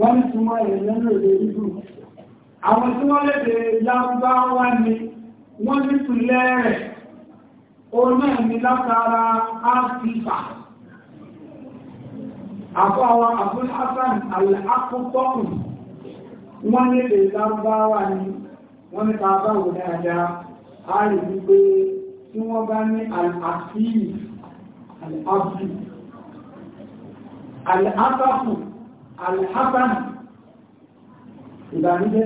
wọ́n ní túnmọ́ ìrìnlẹ́lò èdè ìlú àwọn tí wọ́n lédè lágbá wá ní wọ́n ní túnlẹ̀ rẹ̀ o náà ní látara áfífà àpọ̀ àwọn àbúrú hasan alákọ̀ọ́kọ̀kù wọ́n lédè lágbá wá ní wọ́n ní ta bá wò dáadáa a rí wípé tí wọ́n bá ní àfíì àfíì àfíì alhassan ìbànújẹ́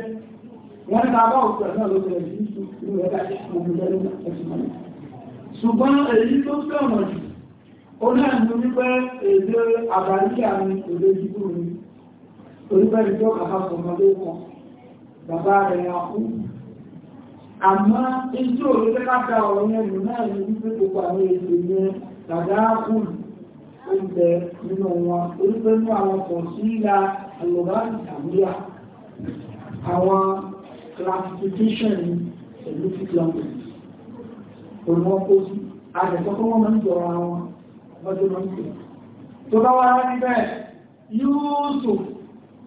wọ́n ká bá òkú ẹ̀nà ló bẹ̀rẹ̀ sí ìlú ẹ̀dá ìpòmùjẹ́ ló ẹ̀sùn mọ́lẹ̀ ṣùgbọ́n èyí tó fẹ́ràn jù ó náà ní wípé èdè àbáríkà ni èdè ìdíbò ni orípẹ́ ìjọ àpapọ̀ ọmọdé kan bàbá rẹ̀ ya kú àmọ́ ijó orí pẹ́ ọ̀rọ̀ yẹn nù náà ní wípé gbogbo àwọn èdè yẹn dàdá kùnù ó ń bẹ nínú wọn onífẹ́ ní àwọn kò sí ìlà àlùbáàlì àmúyà àwọn classification scientific language òun wọn kó sí àjẹsọ́kọ́ wọn máa ń jọra wọn lọ́jọ́ máa ń pè tó bá wá rí bẹ́ẹ̀ yóò sòfò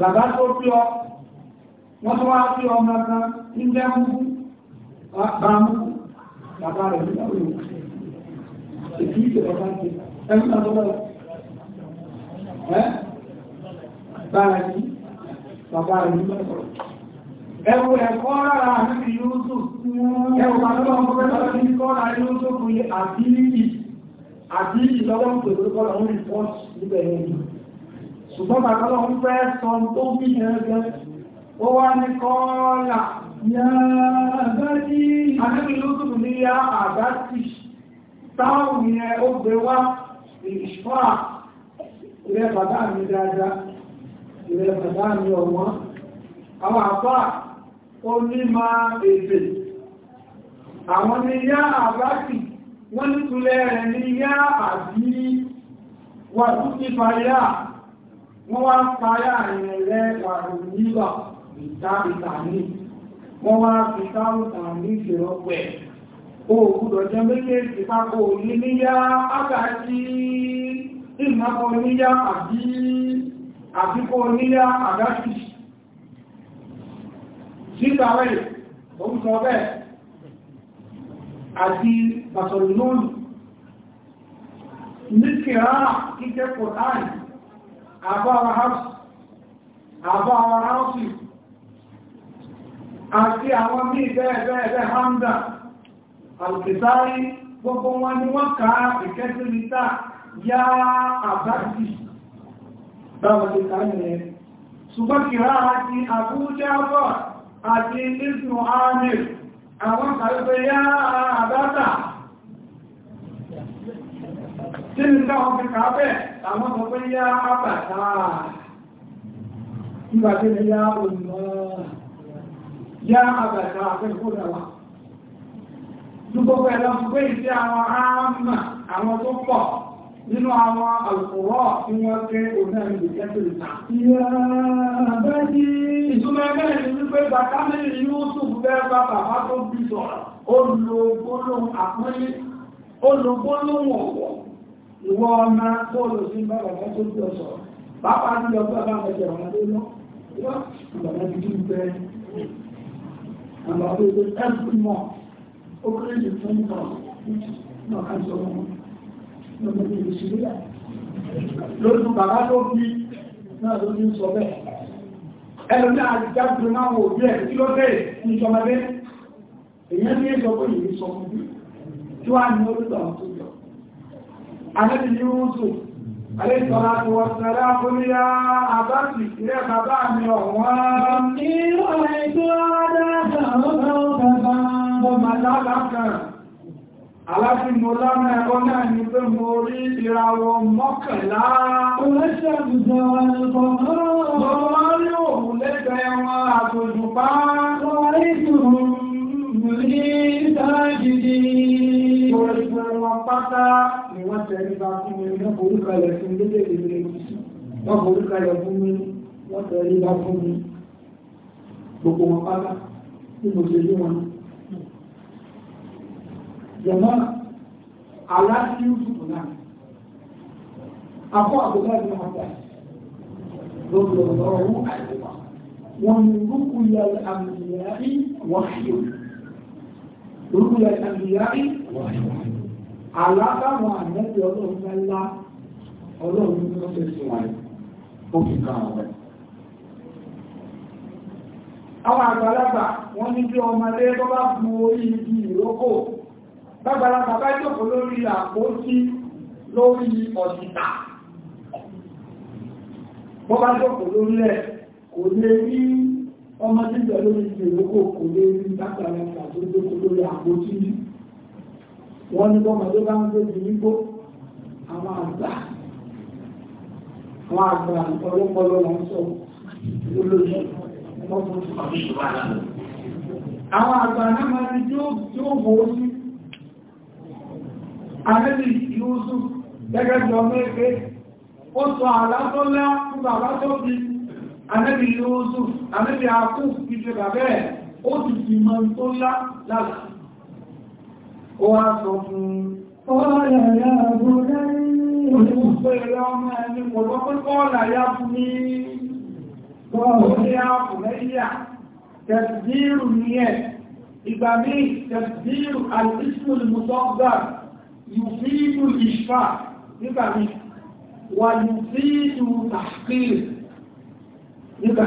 bàbá tó bí ọ wọ́n tó wá bí ọmọ kan ń jẹ́ múkú bá múkú bàbá rẹ̀ ní ọ̀rọ̀ ìdí ìṣẹ̀ bàbá ti ẹ̀rù náà tó bẹ̀rẹ̀ ẹ́ bàbá yìí bàbá rẹ̀ ní ọ̀rọ̀ ẹwọ ẹ̀kọ́ rárá àti yóòsù ẹwọ pàtàkì ọmọ pẹ́lú ní kọ́ra yóòsù fún àbílì àbílì lọ́wọ́ pẹ̀lú kọ́ra orí pọ́ọ̀sì níbẹ̀ yẹn ṣùgbọ́n bàbá lọ ń fẹ́ sọ tó bí ẹgbẹ́ ó wá ní kọ́ọ̀lá yàbátí anábìlótùn ní yá àbátì táwọn yẹn ó gbé wá ìṣfà ilẹ̀ bàbá mi dáadáa ilẹ̀ bàbá mi ọ̀wọ́n àwọn àbá ó ní máa èdè àwọn ni yá àbátì wọ́n ní tulẹ̀ rẹ̀ ní yá àbí wà tún ti fa yá wọ́n wá ń parí àrin ẹ̀rẹ́ wàrù nígbà ìdáríta ní wọ́n wá fi ní ìṣèrọ́pẹ̀ òògùdọ̀ méjèèjì papọ̀ ní níyá ágàtí ìmọ̀kọ níyá àbí àbíkọ níyá àgàtì sígbàwẹ̀ bẹ́ẹ̀ àti àbára house àbára house àti àwọn bí bẹ́ẹ̀bẹ́ẹ̀bẹ́ hamza alkisari gbogbo wọn ni wọ́n ká ìkẹ́sí níta yá àbájì báwọn ti ká ní ẹ ṣùgbọ́n kìrá àti àbújá àti ìsìn àmì àwọn kàrí pé yá àbájá tí ní táwọn fi kà bẹ́ẹ̀ àwọn ọmọ pé yá àbàtà nígbà tí ní yá òmìnà yá àbàtà àfẹ́kọ́dàwà dúgbọ́gbọ́ ẹ̀lọ́ pé ìṣẹ́ àwọn àmà àwọn tó pọ̀ nínú àwọn àlùkòrọ̀ tí wọ́n ké òmìnà ìgbẹ̀kẹ́ Ìtumọ̀ ẹgbẹ́ ìlú pé bàtà mẹ́rin yóò tún bẹ́ẹ̀ ọ̀wọ̀ ìwọ ọmọ bóòlù sí bàbá bá tó bí ọ̀sọ̀ bàbá ní ọgbà bá mẹ́jẹ̀ wọn tó lọ bàbá ti kí bẹ́ àwọn ọdún ìgbé every month ó kéré jù fún ìgbà náà ká sọ wọn lọ́mọ ní ìlú sílẹ̀ lóṣù bàbá tó bí náà ló ní sọ bẹ́ẹ̀ ẹnu náà jáde máa wò bí ẹ̀ kí ló dé ìjọmọdé ànábì yúúsù alẹ́sọ̀lá ni wọ́n sẹ́lá fún ní àbájì ilẹ̀ bàbá mi ọ̀wọ́n ìrọ̀lẹ́ you adájọ́ ọ̀rọ̀ bàbá bọ̀mà lálákan Aláti mo lámà ẹ̀kọ́ náà ni pé mo rí ìràwọ̀ mọ́kànlá. Oléṣẹ́ àbùjọ ẹ̀kọ́ náà. Mo máa rí òun lẹ́gbẹ̀ẹ́ wọn àtòjùpá. Mo rí ìtùrù ní ìtàjìdì. wọ́n tẹ̀rí bá fún mi wọ́n forúkalẹ̀ fún lédèdè mi wọ́n forúkalẹ̀ fún mi wọ́n tẹ̀rí bá fún mi gbogbo wọn pátá tí mo ṣe lé wọn. jọ̀mọ́ aláṣí yusuf náà akọ́ àgbẹ̀dá ìlú ọ̀dà lọ́gbọ̀n ọ̀rọ̀ àìwá wọn ni rúkúlẹ̀ àmìyàrí wáyé rúkúlẹ̀ àmìyàrí wáyé alábàwọn àmẹ́bí ọlọ́run fẹ́ lá ọlọ́run ní ṣe sùn ó fi àwọn àwọn àgbàlagbà wọ́n ní bí ọmọdé tó bá gun orí ibi ìrókò bàgbàlagbà bá jókòó lórí àpótí lórí ọ̀sìtà bó bá lórí ẹ̀ kò lè rí ọmọdé wọ́n ní bọ́mọ tó bá ń tó ti ní gbó àwọn àgbà àwọn àgbà ọlọ́pọlọ lọ sọ olóyè àwọn àgbà náà máa ní tí ó bò ó sí àrẹ́lì yóò sùn gẹ́gẹ́ bí ọmọ ẹgbẹ́ ó sọ àlátọ́lá fún bàbá tó bí àrẹ́lì yóò sùn àrẹ́lì àkú ìjọba bẹ́ẹ̀ ó ti fi mọ́ tó lá lálàá ó wá sọ fún ọ̀rọ̀ ẹ̀yà àgbọ̀dá olùgbé ẹ̀yà ọmọ ẹni kò lọ pé kọ́ọ̀lá yá fún ní ọ̀rẹ́ àpùlẹ́yà tẹ̀síìrù ní ẹ̀ ìgbà míì tẹ̀síìrù àìsíṣùl mùsọ́gbà yùfíìdù ìṣfà nígbà míì wà yùfíìdù tàkìrì nígbà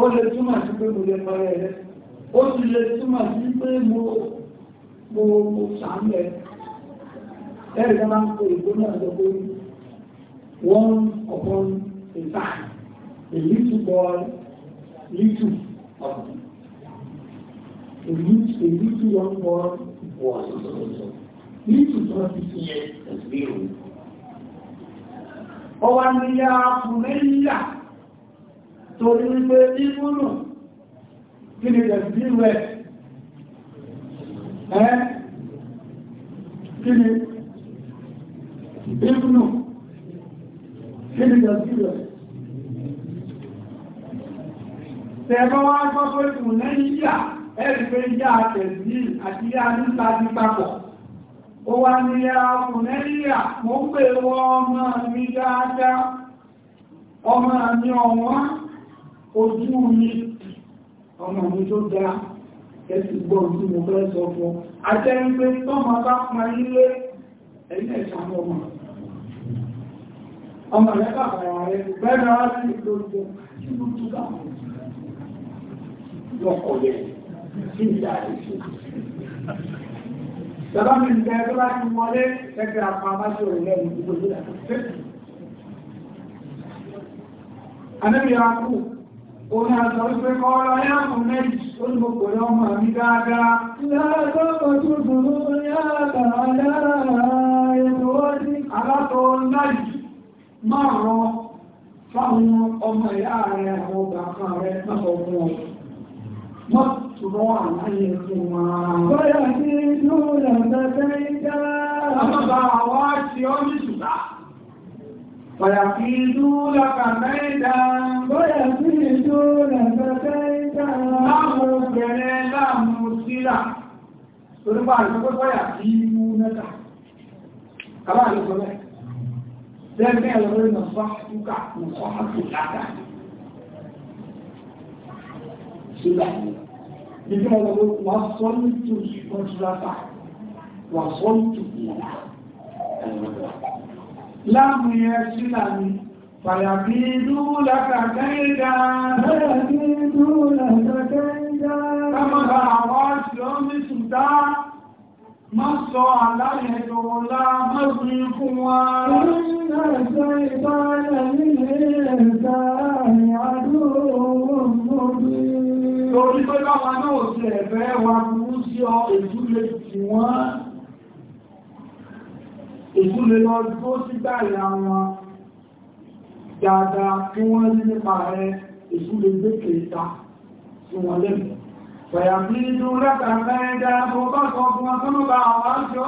ó lè túmọ̀ sí pé mo lè ó lè túmọ̀ sí pé mo mo mo ẹ ẹ̀rì náà máa ń pè ìgbó náà pé one upon a time a little boy little of a little a little young boy was little twenty years as zero. ọwọ́ ni ya fún mẹ́lá torí wípé nínú nù kí ni ẹ̀sìn rẹ̀. ẹ́ kí ni ìbínú kí ni gbọ́ pé kù lẹ́yìn ẹ̀rì àti ti papọ̀ ó wá ní lẹ́yìn mo ń pè ọmọ mi dáadáa ọmọ mi ọ̀wọ́n ojú mi ọmọ mi tó dáa kẹsì gbọ́ tí mo fẹ́ sọ fún ajẹ́rin pé tọ́mọ bá pọn ilé ẹ̀yìn ẹ̀sàmọ́ ọmọ ọmọ rẹ̀ bàbá rẹ̀ bẹ́ẹ̀rẹ̀ wá sí ìlóòjò tí mo tún bá wọn lọ́kọ̀ rẹ̀ sí ìyá rẹ̀ sí Bàbá mi bẹ tó bá ti wọlé ẹgbẹ́ àpá abájọ rẹ̀ lẹ́nu gbogbo Òun àjọ wípé kọ́ ọ́rọ̀ ẹ̀kùn méjì olùgbòkò yọ ọmọ mi dáadáa. Láàrín ọkọ̀ tó dùn ún ní àgbàlára ètò láì máa rọ fáwọn ọmọ ìyá rẹ̀ àwọn ọgbà kan rẹ̀ فيكيدوا لك كيدا ويكيدوا لك láàmù yẹn sílà ní fàyàbí dúlàkà kẹ́ẹ̀dá fàyàbí dúlàkà kẹ́ẹ̀dá kámọ́lá àwọn àṣìlọ́mí sùdá má sọ àláyẹ̀dọ̀ ọlá mọ́sùn fún wa Torí pé báwa náà ti ẹ̀fẹ́ wa kú sí ọ èdúlé tí wọ́n èkú lè lọ tó sí gbáyà wọn dáadáa kí wọ́n rí nípa rẹ̀ èkú lè gbé kèta sí wọn lẹ́nu pẹ̀yà bí inú rẹ́ta mẹ́ẹ̀dá tó bá sọ fún wọn tó mọ́ bá àwọn àṣẹ ìtọ́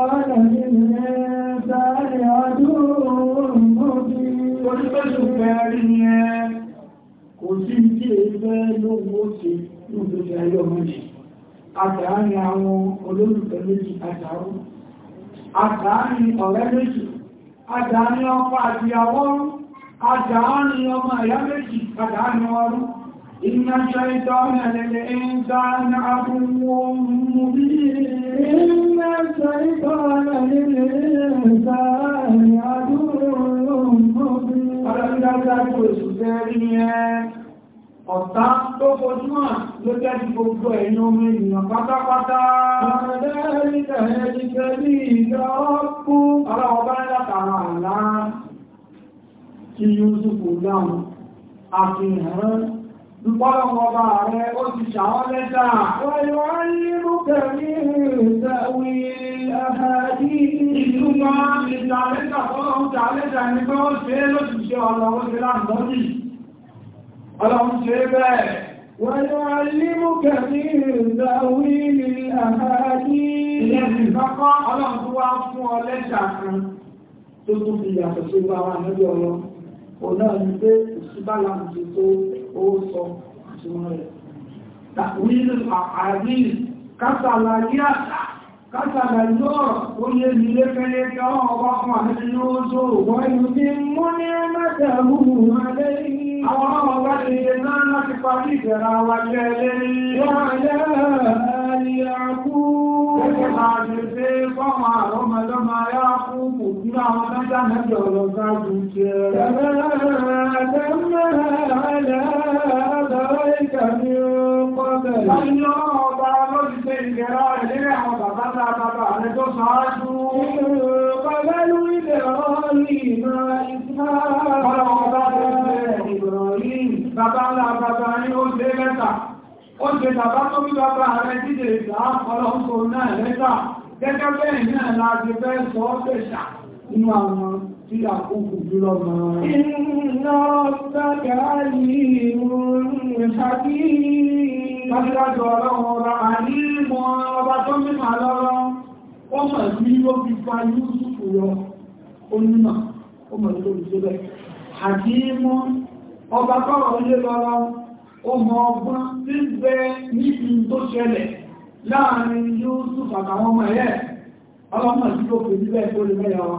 ọ̀rẹ́ mi ní sáré ọdún kò sí ìdí èyí fẹ́ lówó ṣe ní òṣèlú ayé ọmọdé àtàárín àwọn olólùfẹ́ méjì àtàrú àtàárín ọ̀rẹ́ méjì àtàárín ọkọ àti àwọ́rú àtàárín ọmọ ìyá méjì àtàárín ọrú iná ṣe ìtọ́ ìrẹ̀lẹ̀ ìta na àbúwò mú bí iná ọ̀tá tó fojúmọ̀ ló jẹ́jú gbogbo ẹ̀yìn ọmọ ènìyàn pátápátá ọ̀rẹ́lẹ́rìnkẹ̀ ẹ̀dìkẹ́ ní ìjọ́kú aláwọ̀bá látara àlá tí Yúsùfù dáhùn àfihàn Ìpọ́lọ̀wọ̀bà rẹ̀ ó ti ṣàwọn lẹ́ta. Wọ́n yóò rí rúkẹ̀ ní ìrìnṣẹ́wì àhàdí ìlú máa ń lè ta lẹ́ta fọ́lọ́hún ta lẹ́ta ní pé ó ṣe é lóṣìṣẹ́ ọlọ́wọ́ sí láàrín lọ́dìí ọlọ́run ṣe bẹ́ẹ̀ wọ́n yọ alímú kẹfí ìdáwí ní àhàájí ilẹ̀ ìfẹ́kọ́ ọlọ́run tó wá fún ọ lẹ́ṣà kan tó tún fi yàtọ̀ sí bá wà níbi ọlọ́ ọ̀nà ní pé ìṣíbálà ti tó ó Kátàlà yóò ó yé mi lé fẹ́lẹ́ kí ọba fún àmì yóò tó inú ní mú ní mẹ́ta gbogbo alẹ́ yìí. Àwọn ọmọ ti yé náà láti parí ìbẹ̀rẹ̀ àwọn alẹ́ lẹ́yìn. Wọ́n alẹ́ àyàkú. Ẹgbẹ́ máa lè fẹ́ fọ́mọ ṣe ìgbẹ̀rọ ìlérí àwọn bàbá ńlá bàbá rẹ̀ tó ṣáájú. Pẹ̀lú ìgbẹ̀rọ ìmọ̀ ìgbà bàbá rẹ̀ ìgbẹ̀rọ yìí. Bàbá ńlá bàbá ní ó ṣe mẹ́ta. Ó ṣe bàbá tó bí bàbá rẹ̀ dídè ìgbà ọlọ́run tó náà lẹ́ta. Gẹ́gẹ́ bẹ́ẹ̀ náà la ti fẹ́ sọ ọ́ pèsà nínú àwọn tí a kún fún jùlọ máa. Iná ọ̀sẹ̀kẹ̀ ayé ìrùn ṣàkí. Lájúlájú ọlọ́run ọba àní mọ̀ ọba tó mímọ̀ lọ́rọ́. Ó mọ̀ sí ló fi fa Yúsùfù yọ. Ó ó mọ̀ ló fi ṣẹlẹ̀. Àti mọ́ ọba kọ́rọ̀ ilé lọ́rọ́. Ó mọ ọgbọ́n tí ń bẹ níbi tó ṣẹlẹ̀ láàrin Yúsùfù àtàwọn ọmọ ẹ̀. Ọlọ́mọ̀ sí ló fi níbẹ̀ tó lè mẹ́yà wa.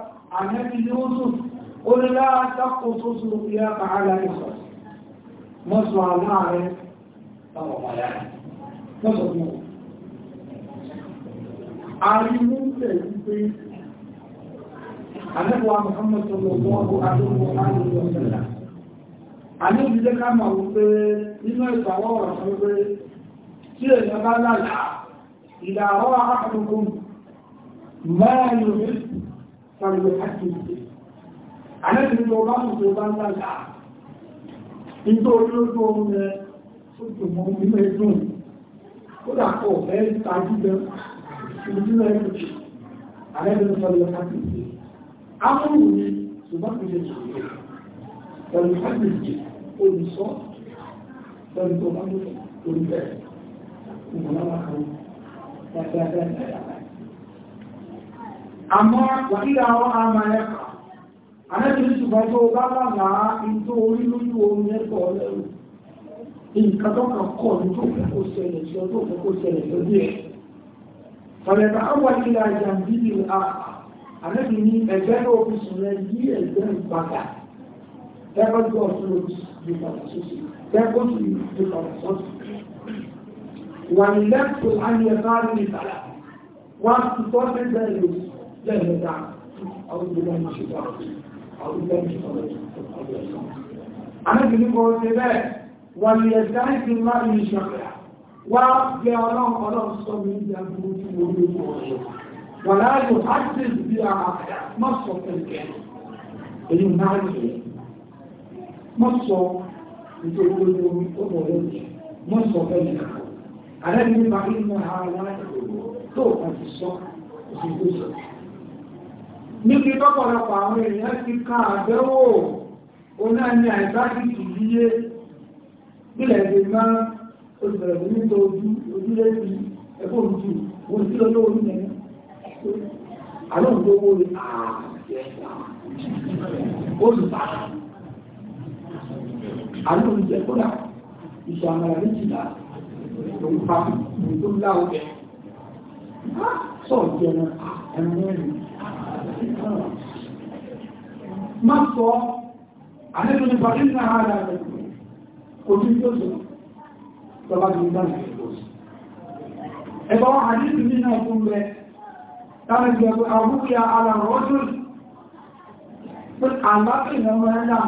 ànábì Yusuf ó ní láàtàkù tó sùn bí a kà á láyé sọ wọ́n sọ àwọn ààrẹ táwọn ọmọ yára wọ́n sọ fún wọn àríwú tẹ̀lú pé àlẹ́wà Muhammad sallallahu alaihi wa alihi wa sallam àlẹ́bí jẹ́ ká mọ̀ wípé nínú ìgbàwọ́ ọ̀rọ̀ fún pé tí èèyàn bá lálàá ìdàrọ́ àkàkùnkùn mẹ́rin sáré àti ìpè àlẹ́sìn tó bá sùn tó bá ń dàgbà nítorí olójú ohun rẹ tó tó mọ nínú ẹdùn ó dàpọ̀ ẹ̀ tajú bẹ ìdílé ẹ̀kọ́jì àlẹ́sìn tó sáré àti ìpè amúrù ni ṣùgbọ́n kò lè sọ̀rọ̀ pẹ̀lú àgbègbè olùsọ́ pẹ̀lú tó bá ń lò lórí bẹ́ẹ̀ ìmọ̀lára kan dáadáa dáadáa àmọ́ wàílà àwọn àmà ẹ̀kà anẹ́bìnrin ṣùgbọ́n tó bá lànà ìtò orí lójú omi ẹ̀kọ́ ọlẹ́rù nǹkan tó kàn kọ́ ní tó fẹ́ kó ṣẹlẹ̀ sí ọdún òfin kó ṣẹlẹ̀ lórí fàlẹ̀kà àwọn ìlà ìjàmbílì a anẹ́bìnrin ẹgbẹ́ ló fi sùn rẹ̀ yí ẹgbẹ́ ìpadà ẹgbẹ́ tó ọ̀tún ló fi di padà sósì ẹgbẹ́ tó di padà sósì wà ní lẹ́kọ̀ọ́ àyẹ̀ká lẹ́ẹ̀mẹ́ta àwọn ìgbìmọ̀ ìṣẹ́ta àwọn ìgbìmọ̀ ìṣẹ́ta Èyí máa ń jẹ́, mọ́ sọ nítorí olóòrò ọmọ olóòrò, mọ́ sọ ẹni àkọ́. Àrẹ́bí ní bàbí ní àwọn aláìkòrò tó kàn ti sọ, òsìnkú sọ̀rọ̀ níbi tọ́pọ̀lọpọ̀ àwọn èèyàn ti ká àdẹ́wò oná ní àìbáṣìkì yíyé nílẹ̀ èdè máa olùbẹ̀rẹ̀ nígbà ojú ojúlé ti ẹ̀kọ́ òjú wọ́n sí lọ́lọ́ orí mẹ́rin àwọn òjòwò rẹ̀ olùbára àwọn má sọ àlejò nípa nínú àárá rẹ̀ kò tí tó sọ tọ́lá ní ìdájì ẹ̀bọ́ àdíjì nínú ẹ̀kún rẹ̀ láti ẹ̀kún àbúkẹ́ ara rọ́jú pé àbáfẹ́ ìrànwọ́ ẹ̀dà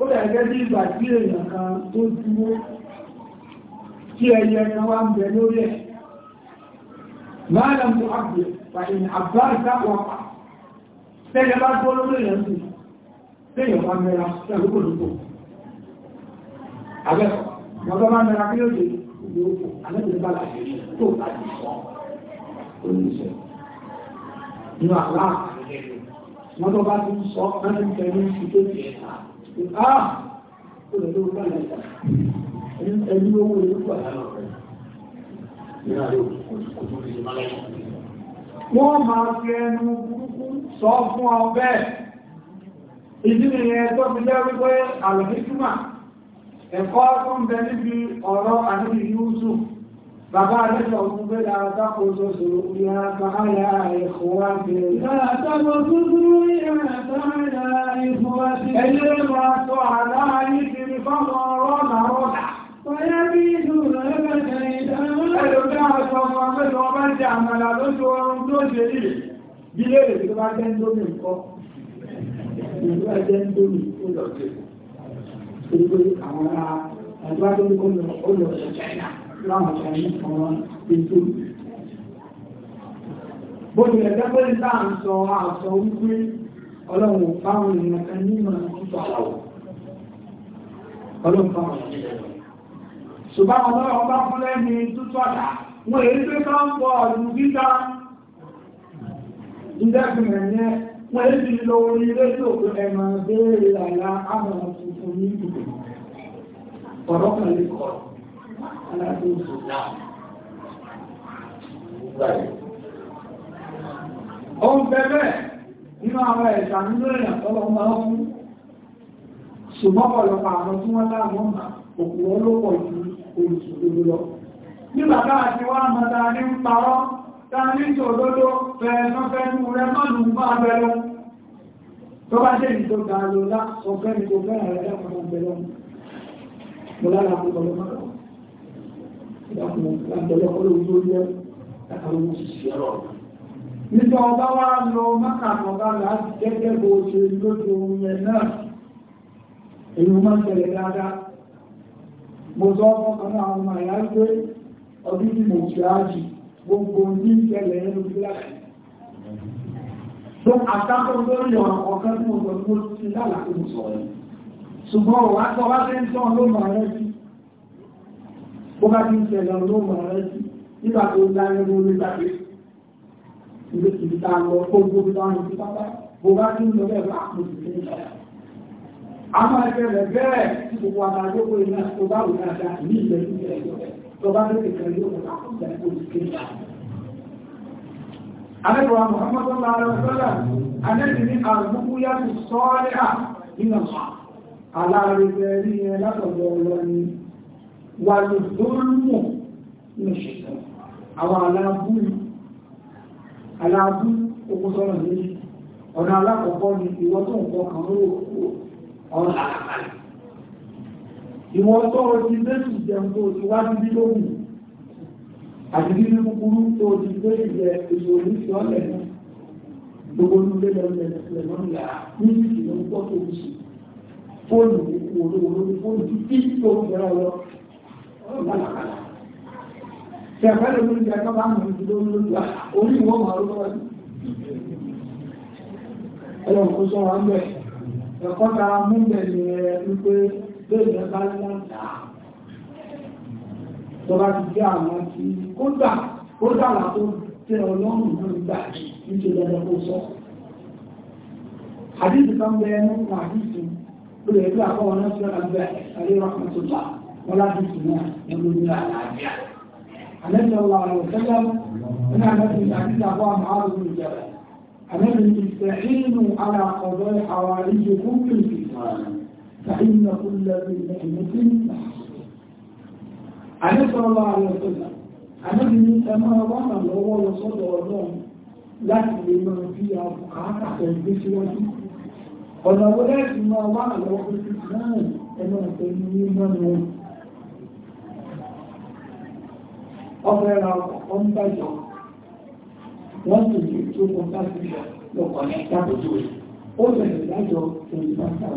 ó lẹ́gẹ́ bí ìgbà tí èèyàn kan tó dúró tí ẹyẹ kan wá ń bẹ lórí ẹ̀ láàrín àbúkẹ́ tẹ́lẹ̀ bá gbọ́ lórí èèyàn sí léèyàn bá mẹ́ra pẹ̀lú kò lóko àbẹ́ bá mẹ́ra pé lóde lóko àbẹ́bẹ̀rẹ̀ bá láti sọ oníṣẹ́ inú àlá wọ́n máa fi ẹnu sọ fún ọ bẹ́ẹ̀ ìdí nìyẹn tó fi jẹ́ wípé àlùmíkúmà ẹ̀kọ́ tó ń bẹ níbi ọ̀rọ̀ àníbi yúúsù bàbá àdéjọ ọdún pé lára dákò sọ́sọ́ ìyá àtàhàyà ẹ̀kọ́wà bẹ̀rẹ̀ látàkò tuntun ìyá àtàhàyà ẹ̀kọ́wà bẹ̀rẹ̀ ẹ̀yẹ́ máa sọ àdáhà yìí kiri fáwọn ọ̀rọ̀ nàrọ̀dà Ọ̀yá bí ìdúró ẹgbẹ̀rẹ̀ ìdáhùn. ọmọ ọmọ jẹ́ àmàlà lójú ọrùn tó ṣe yìí. Bílé rẹ̀ tó jẹ́ ń dómi ìlú ẹ̀jẹ̀ ń dómi ó àwọn ará ẹgbẹ́ tó ń kó lọ ó lọ sí China láwọn Chinese kan ètò. Bó ti rẹ̀ jẹ́ pé nígbà ń sọ àṣọ wípé ọlọ́run fáwọn èèyàn kan nínú ìtọ́ àláwọ̀. Ọlọ́run fáwọn ìdákùnrin wọ́n ti lọ orí rédíò ẹ̀mà béèrè àlá àmọ̀ràn tuntun ní ìdìbò ọ̀rọ̀ kan lè kọ́ aládùúgbò náà. Òun bẹ́bẹ̀ nínú àwọn ẹ̀ṣà nínú ẹ̀yà tọ́lọ máa ń ṣùgbọ́n pọ̀lọpọ̀ àwọn tí wọ́n láàmọ́ òkú ọlọ́pọ̀ ju olùsùn lọ. Nígbàtá àti wá mọ́ta ní ń parọ́ tàbíjì òdòdó fẹ́ẹ̀fẹ́fẹ́nu rẹ mọ́nù bá abẹ́lọ́ tó bá jẹ́ ìtò dàálò lá ọ̀fẹ́ni tó fẹ́ràn rẹ̀ lẹ́kọ̀ọ́ abẹ́lọ́ mo lára àkọ́kọ́ mọ́rọ̀ ìdàkùnlẹ̀ olóògbé jẹ́ àwọn òṣìṣẹ́ rọ̀ nígbà ọba wá lọ mọ́kànlọ́gbà láti gẹ́gẹ́ bó ṣe lójú ohun ẹ̀ náà èyí máa ń tẹ̀lé dáadáa mo sọ ọmọkànlá àwọn ọmọ ìyá pé ọdún tí mo ṣe ájì gbogbo ní ìṣẹ̀lẹ̀ ẹnu fíláṣì tó àtàkùn lórí ọ̀rọ̀ ọ̀kan tí mo sọ tí mo ti lálàkó mo sọ rẹ̀ ṣùgbọ́n wà sọ wá fẹ́ ń tán ló máa rẹ̀ sí bó bá ti ń ṣẹlẹ̀ ló máa rẹ̀ sí nígbà tó ń dáyé ló ní gbàgbé ilé kìí ta lọ gbogbo bí wọ́n ti pápá bó bá ti ń lọ bẹ́ẹ̀ bá mo sì ní ìṣẹ̀lẹ̀ a máa bẹ́ẹ̀ tí gbogbo àtàkùn lórí ọ̀rọ̀ ọ̀kan tí mo sọ tó bá lókè kan yóò kọ́ àkójá kó ké Àlẹ́bùwà Mùhàmmadu Lára Sọ́lá, Àlẹ́bì ní àrùkú yàtù sọ́ọ́lẹ́ à nínú àlàrẹ̀bẹ̀ rí ẹ látọ̀dọ̀ ọlọ́ni wà lè dórúmọ̀ ní ṣẹ̀tọ̀. Àwọn aláàbú okùn sọ́rọ̀ ní ọ̀nà alákọ̀ọ́kọ́ ni ìwọ́tọ̀ nǹkan kan ló ìwọ̀n tó o ti lẹ́sù jẹun tó o ti wá níbí lóhùn àti nínú tó o ti gbé ìjẹ èso oníṣẹ́ ọ̀lẹ̀ náà gbogbo ní ilé lẹ́nu lẹ́nu lẹ́nu là ní ìlú pọ̀ tó o sì fóònù kúkú olówó lórí fóònù tí kí tó o fẹ́ràn lọ lálàkàlà. ṣe àbẹ́lẹ̀ lórí ìjà tó bá ń mú ìdúró lórí wa orí ìwọ̀n máa ló wájú. ẹ̀rọ kó sọ wa ń ẹ̀kọ́ ta mú bẹ̀ ẹ bẹ́ẹ̀ bá lọ́nà tọ́lá ti jẹ́ àwọn tí kódà kódà wà tó tẹ́ ọlọ́run náà gbà nítorí ẹgbẹ́ kó sọ àdíjì kan bẹ ẹnu wà àdíjì ó lè rí àkọ́ wọn lọ́sí ọ̀gbẹ́ àríwá kan tó bá wọn láti jù náà nínú ní àlàáfíà àlẹ́sẹ̀ ọlá ọ̀rọ̀ sẹ́lẹ̀ ní àlẹ́sẹ̀ àdíjì àkọ́ àmọ́ àrùn ìjẹ̀rẹ̀ àlẹ́sẹ̀ ìfẹ̀hínú alàkọ̀dọ̀ àwárí فإن كل ذي نعمة عليه صلى الله عليه وسلم lè máa fi àbùkátà ẹgbẹ́ síwájú ọ̀nà wo lẹ́sìn máa wá nà lọ́wọ́ pẹ̀lú náà ẹ máa tẹ̀lé ní mọ́nà wọn. ọbẹ̀ ra ọkọ̀ ń bàjọ́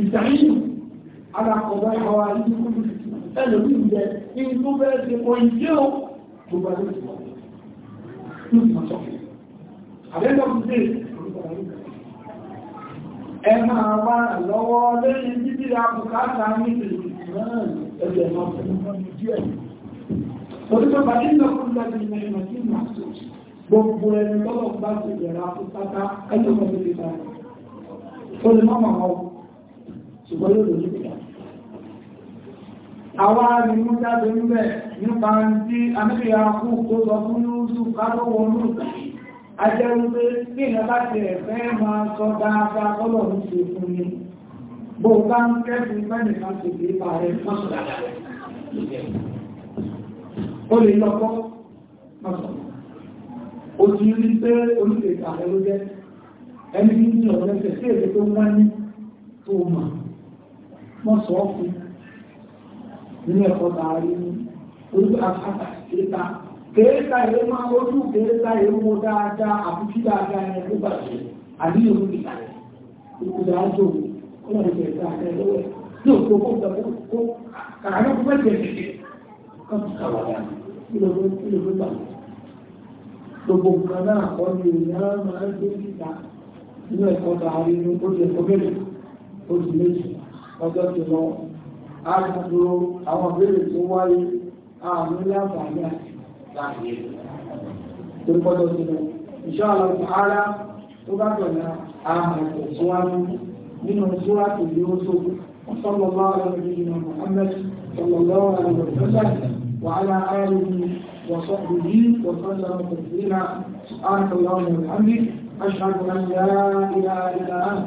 ìdáyìn alákọ̀ọ́bá ìwà ìdíkù ẹlòmí ìjẹ ní tó bẹ́ẹ̀ ṣe kọ ìjẹ́ o tó bá lè sọ ní ìmọ̀sọ́ àbẹ́lọ́ ìdè ẹ máa wá lọ́wọ́ lẹ́yìn títí àbùkátà ní ẹgbẹ̀ náà Gbogbo ẹni lọ́wọ́ bá ti bẹ̀rẹ̀ àpótátá ẹlọ́gbọ̀n tó lè bá. Ó lè mọ́ màá wọ́n ṣùgbọ́n yóò lójú ìjà àwọn arìnrìn jáde níbẹ̀ nípa tí amẹ́ríà kú tó sọ fún lóòsù kálọ́wọ́ lóòsù ajẹ́ wípé kí ìyẹn bá ti ẹ̀fẹ́ máa sọ dáadáa tọ́lọ̀ ń ṣe fún ni bó bá ń kẹ́sùn mẹ́rìnkan sì bí ipa rẹ̀ mọ́sùn ti rí wọ́n sọ fún nínú ẹ̀kọ́ tààrí orí àpáta kéta kéta èrè máa ojú kéta èrè mọ́ dáadáa àbúkí dáadáa ẹ̀ ló bàjẹ́ àdíyẹ̀ mú ìlà rẹ̀ ìkùdà ájò kọ́nà ìjẹ̀ta ẹ̀ lọ́wọ́ ní òkú kó gbẹ̀gbẹ̀ kó kàrà kó gbẹ̀gbẹ̀ kẹ̀kẹ́ kọ́ ti kàwàdà kí ló ló bà gbogbo nǹkan náà kọ́ ni èèyàn máa ń gbé níta nínú ẹ̀kọ́ tààrí ní ojú ẹ̀kọ́ bẹ̀rẹ̀ ojú méjì ọjọ́ ti lọ àgbàdo àwọn ìbéèrè tó wáyé àmì láǹfààní àti láàyè tó kọjọ ti lọ ìṣọ́ àwọn ìhárá tó bá tọ̀nà àmì ìtẹ̀síwájú nínú ìṣúra tó lé ó tó صلى الله على نبينا محمد صلى الله عليه وسلم وعلى آله وصحبه وسلم تسليما سبحانك اللهم وبحمدك أشهد أن لا إله إلا أنت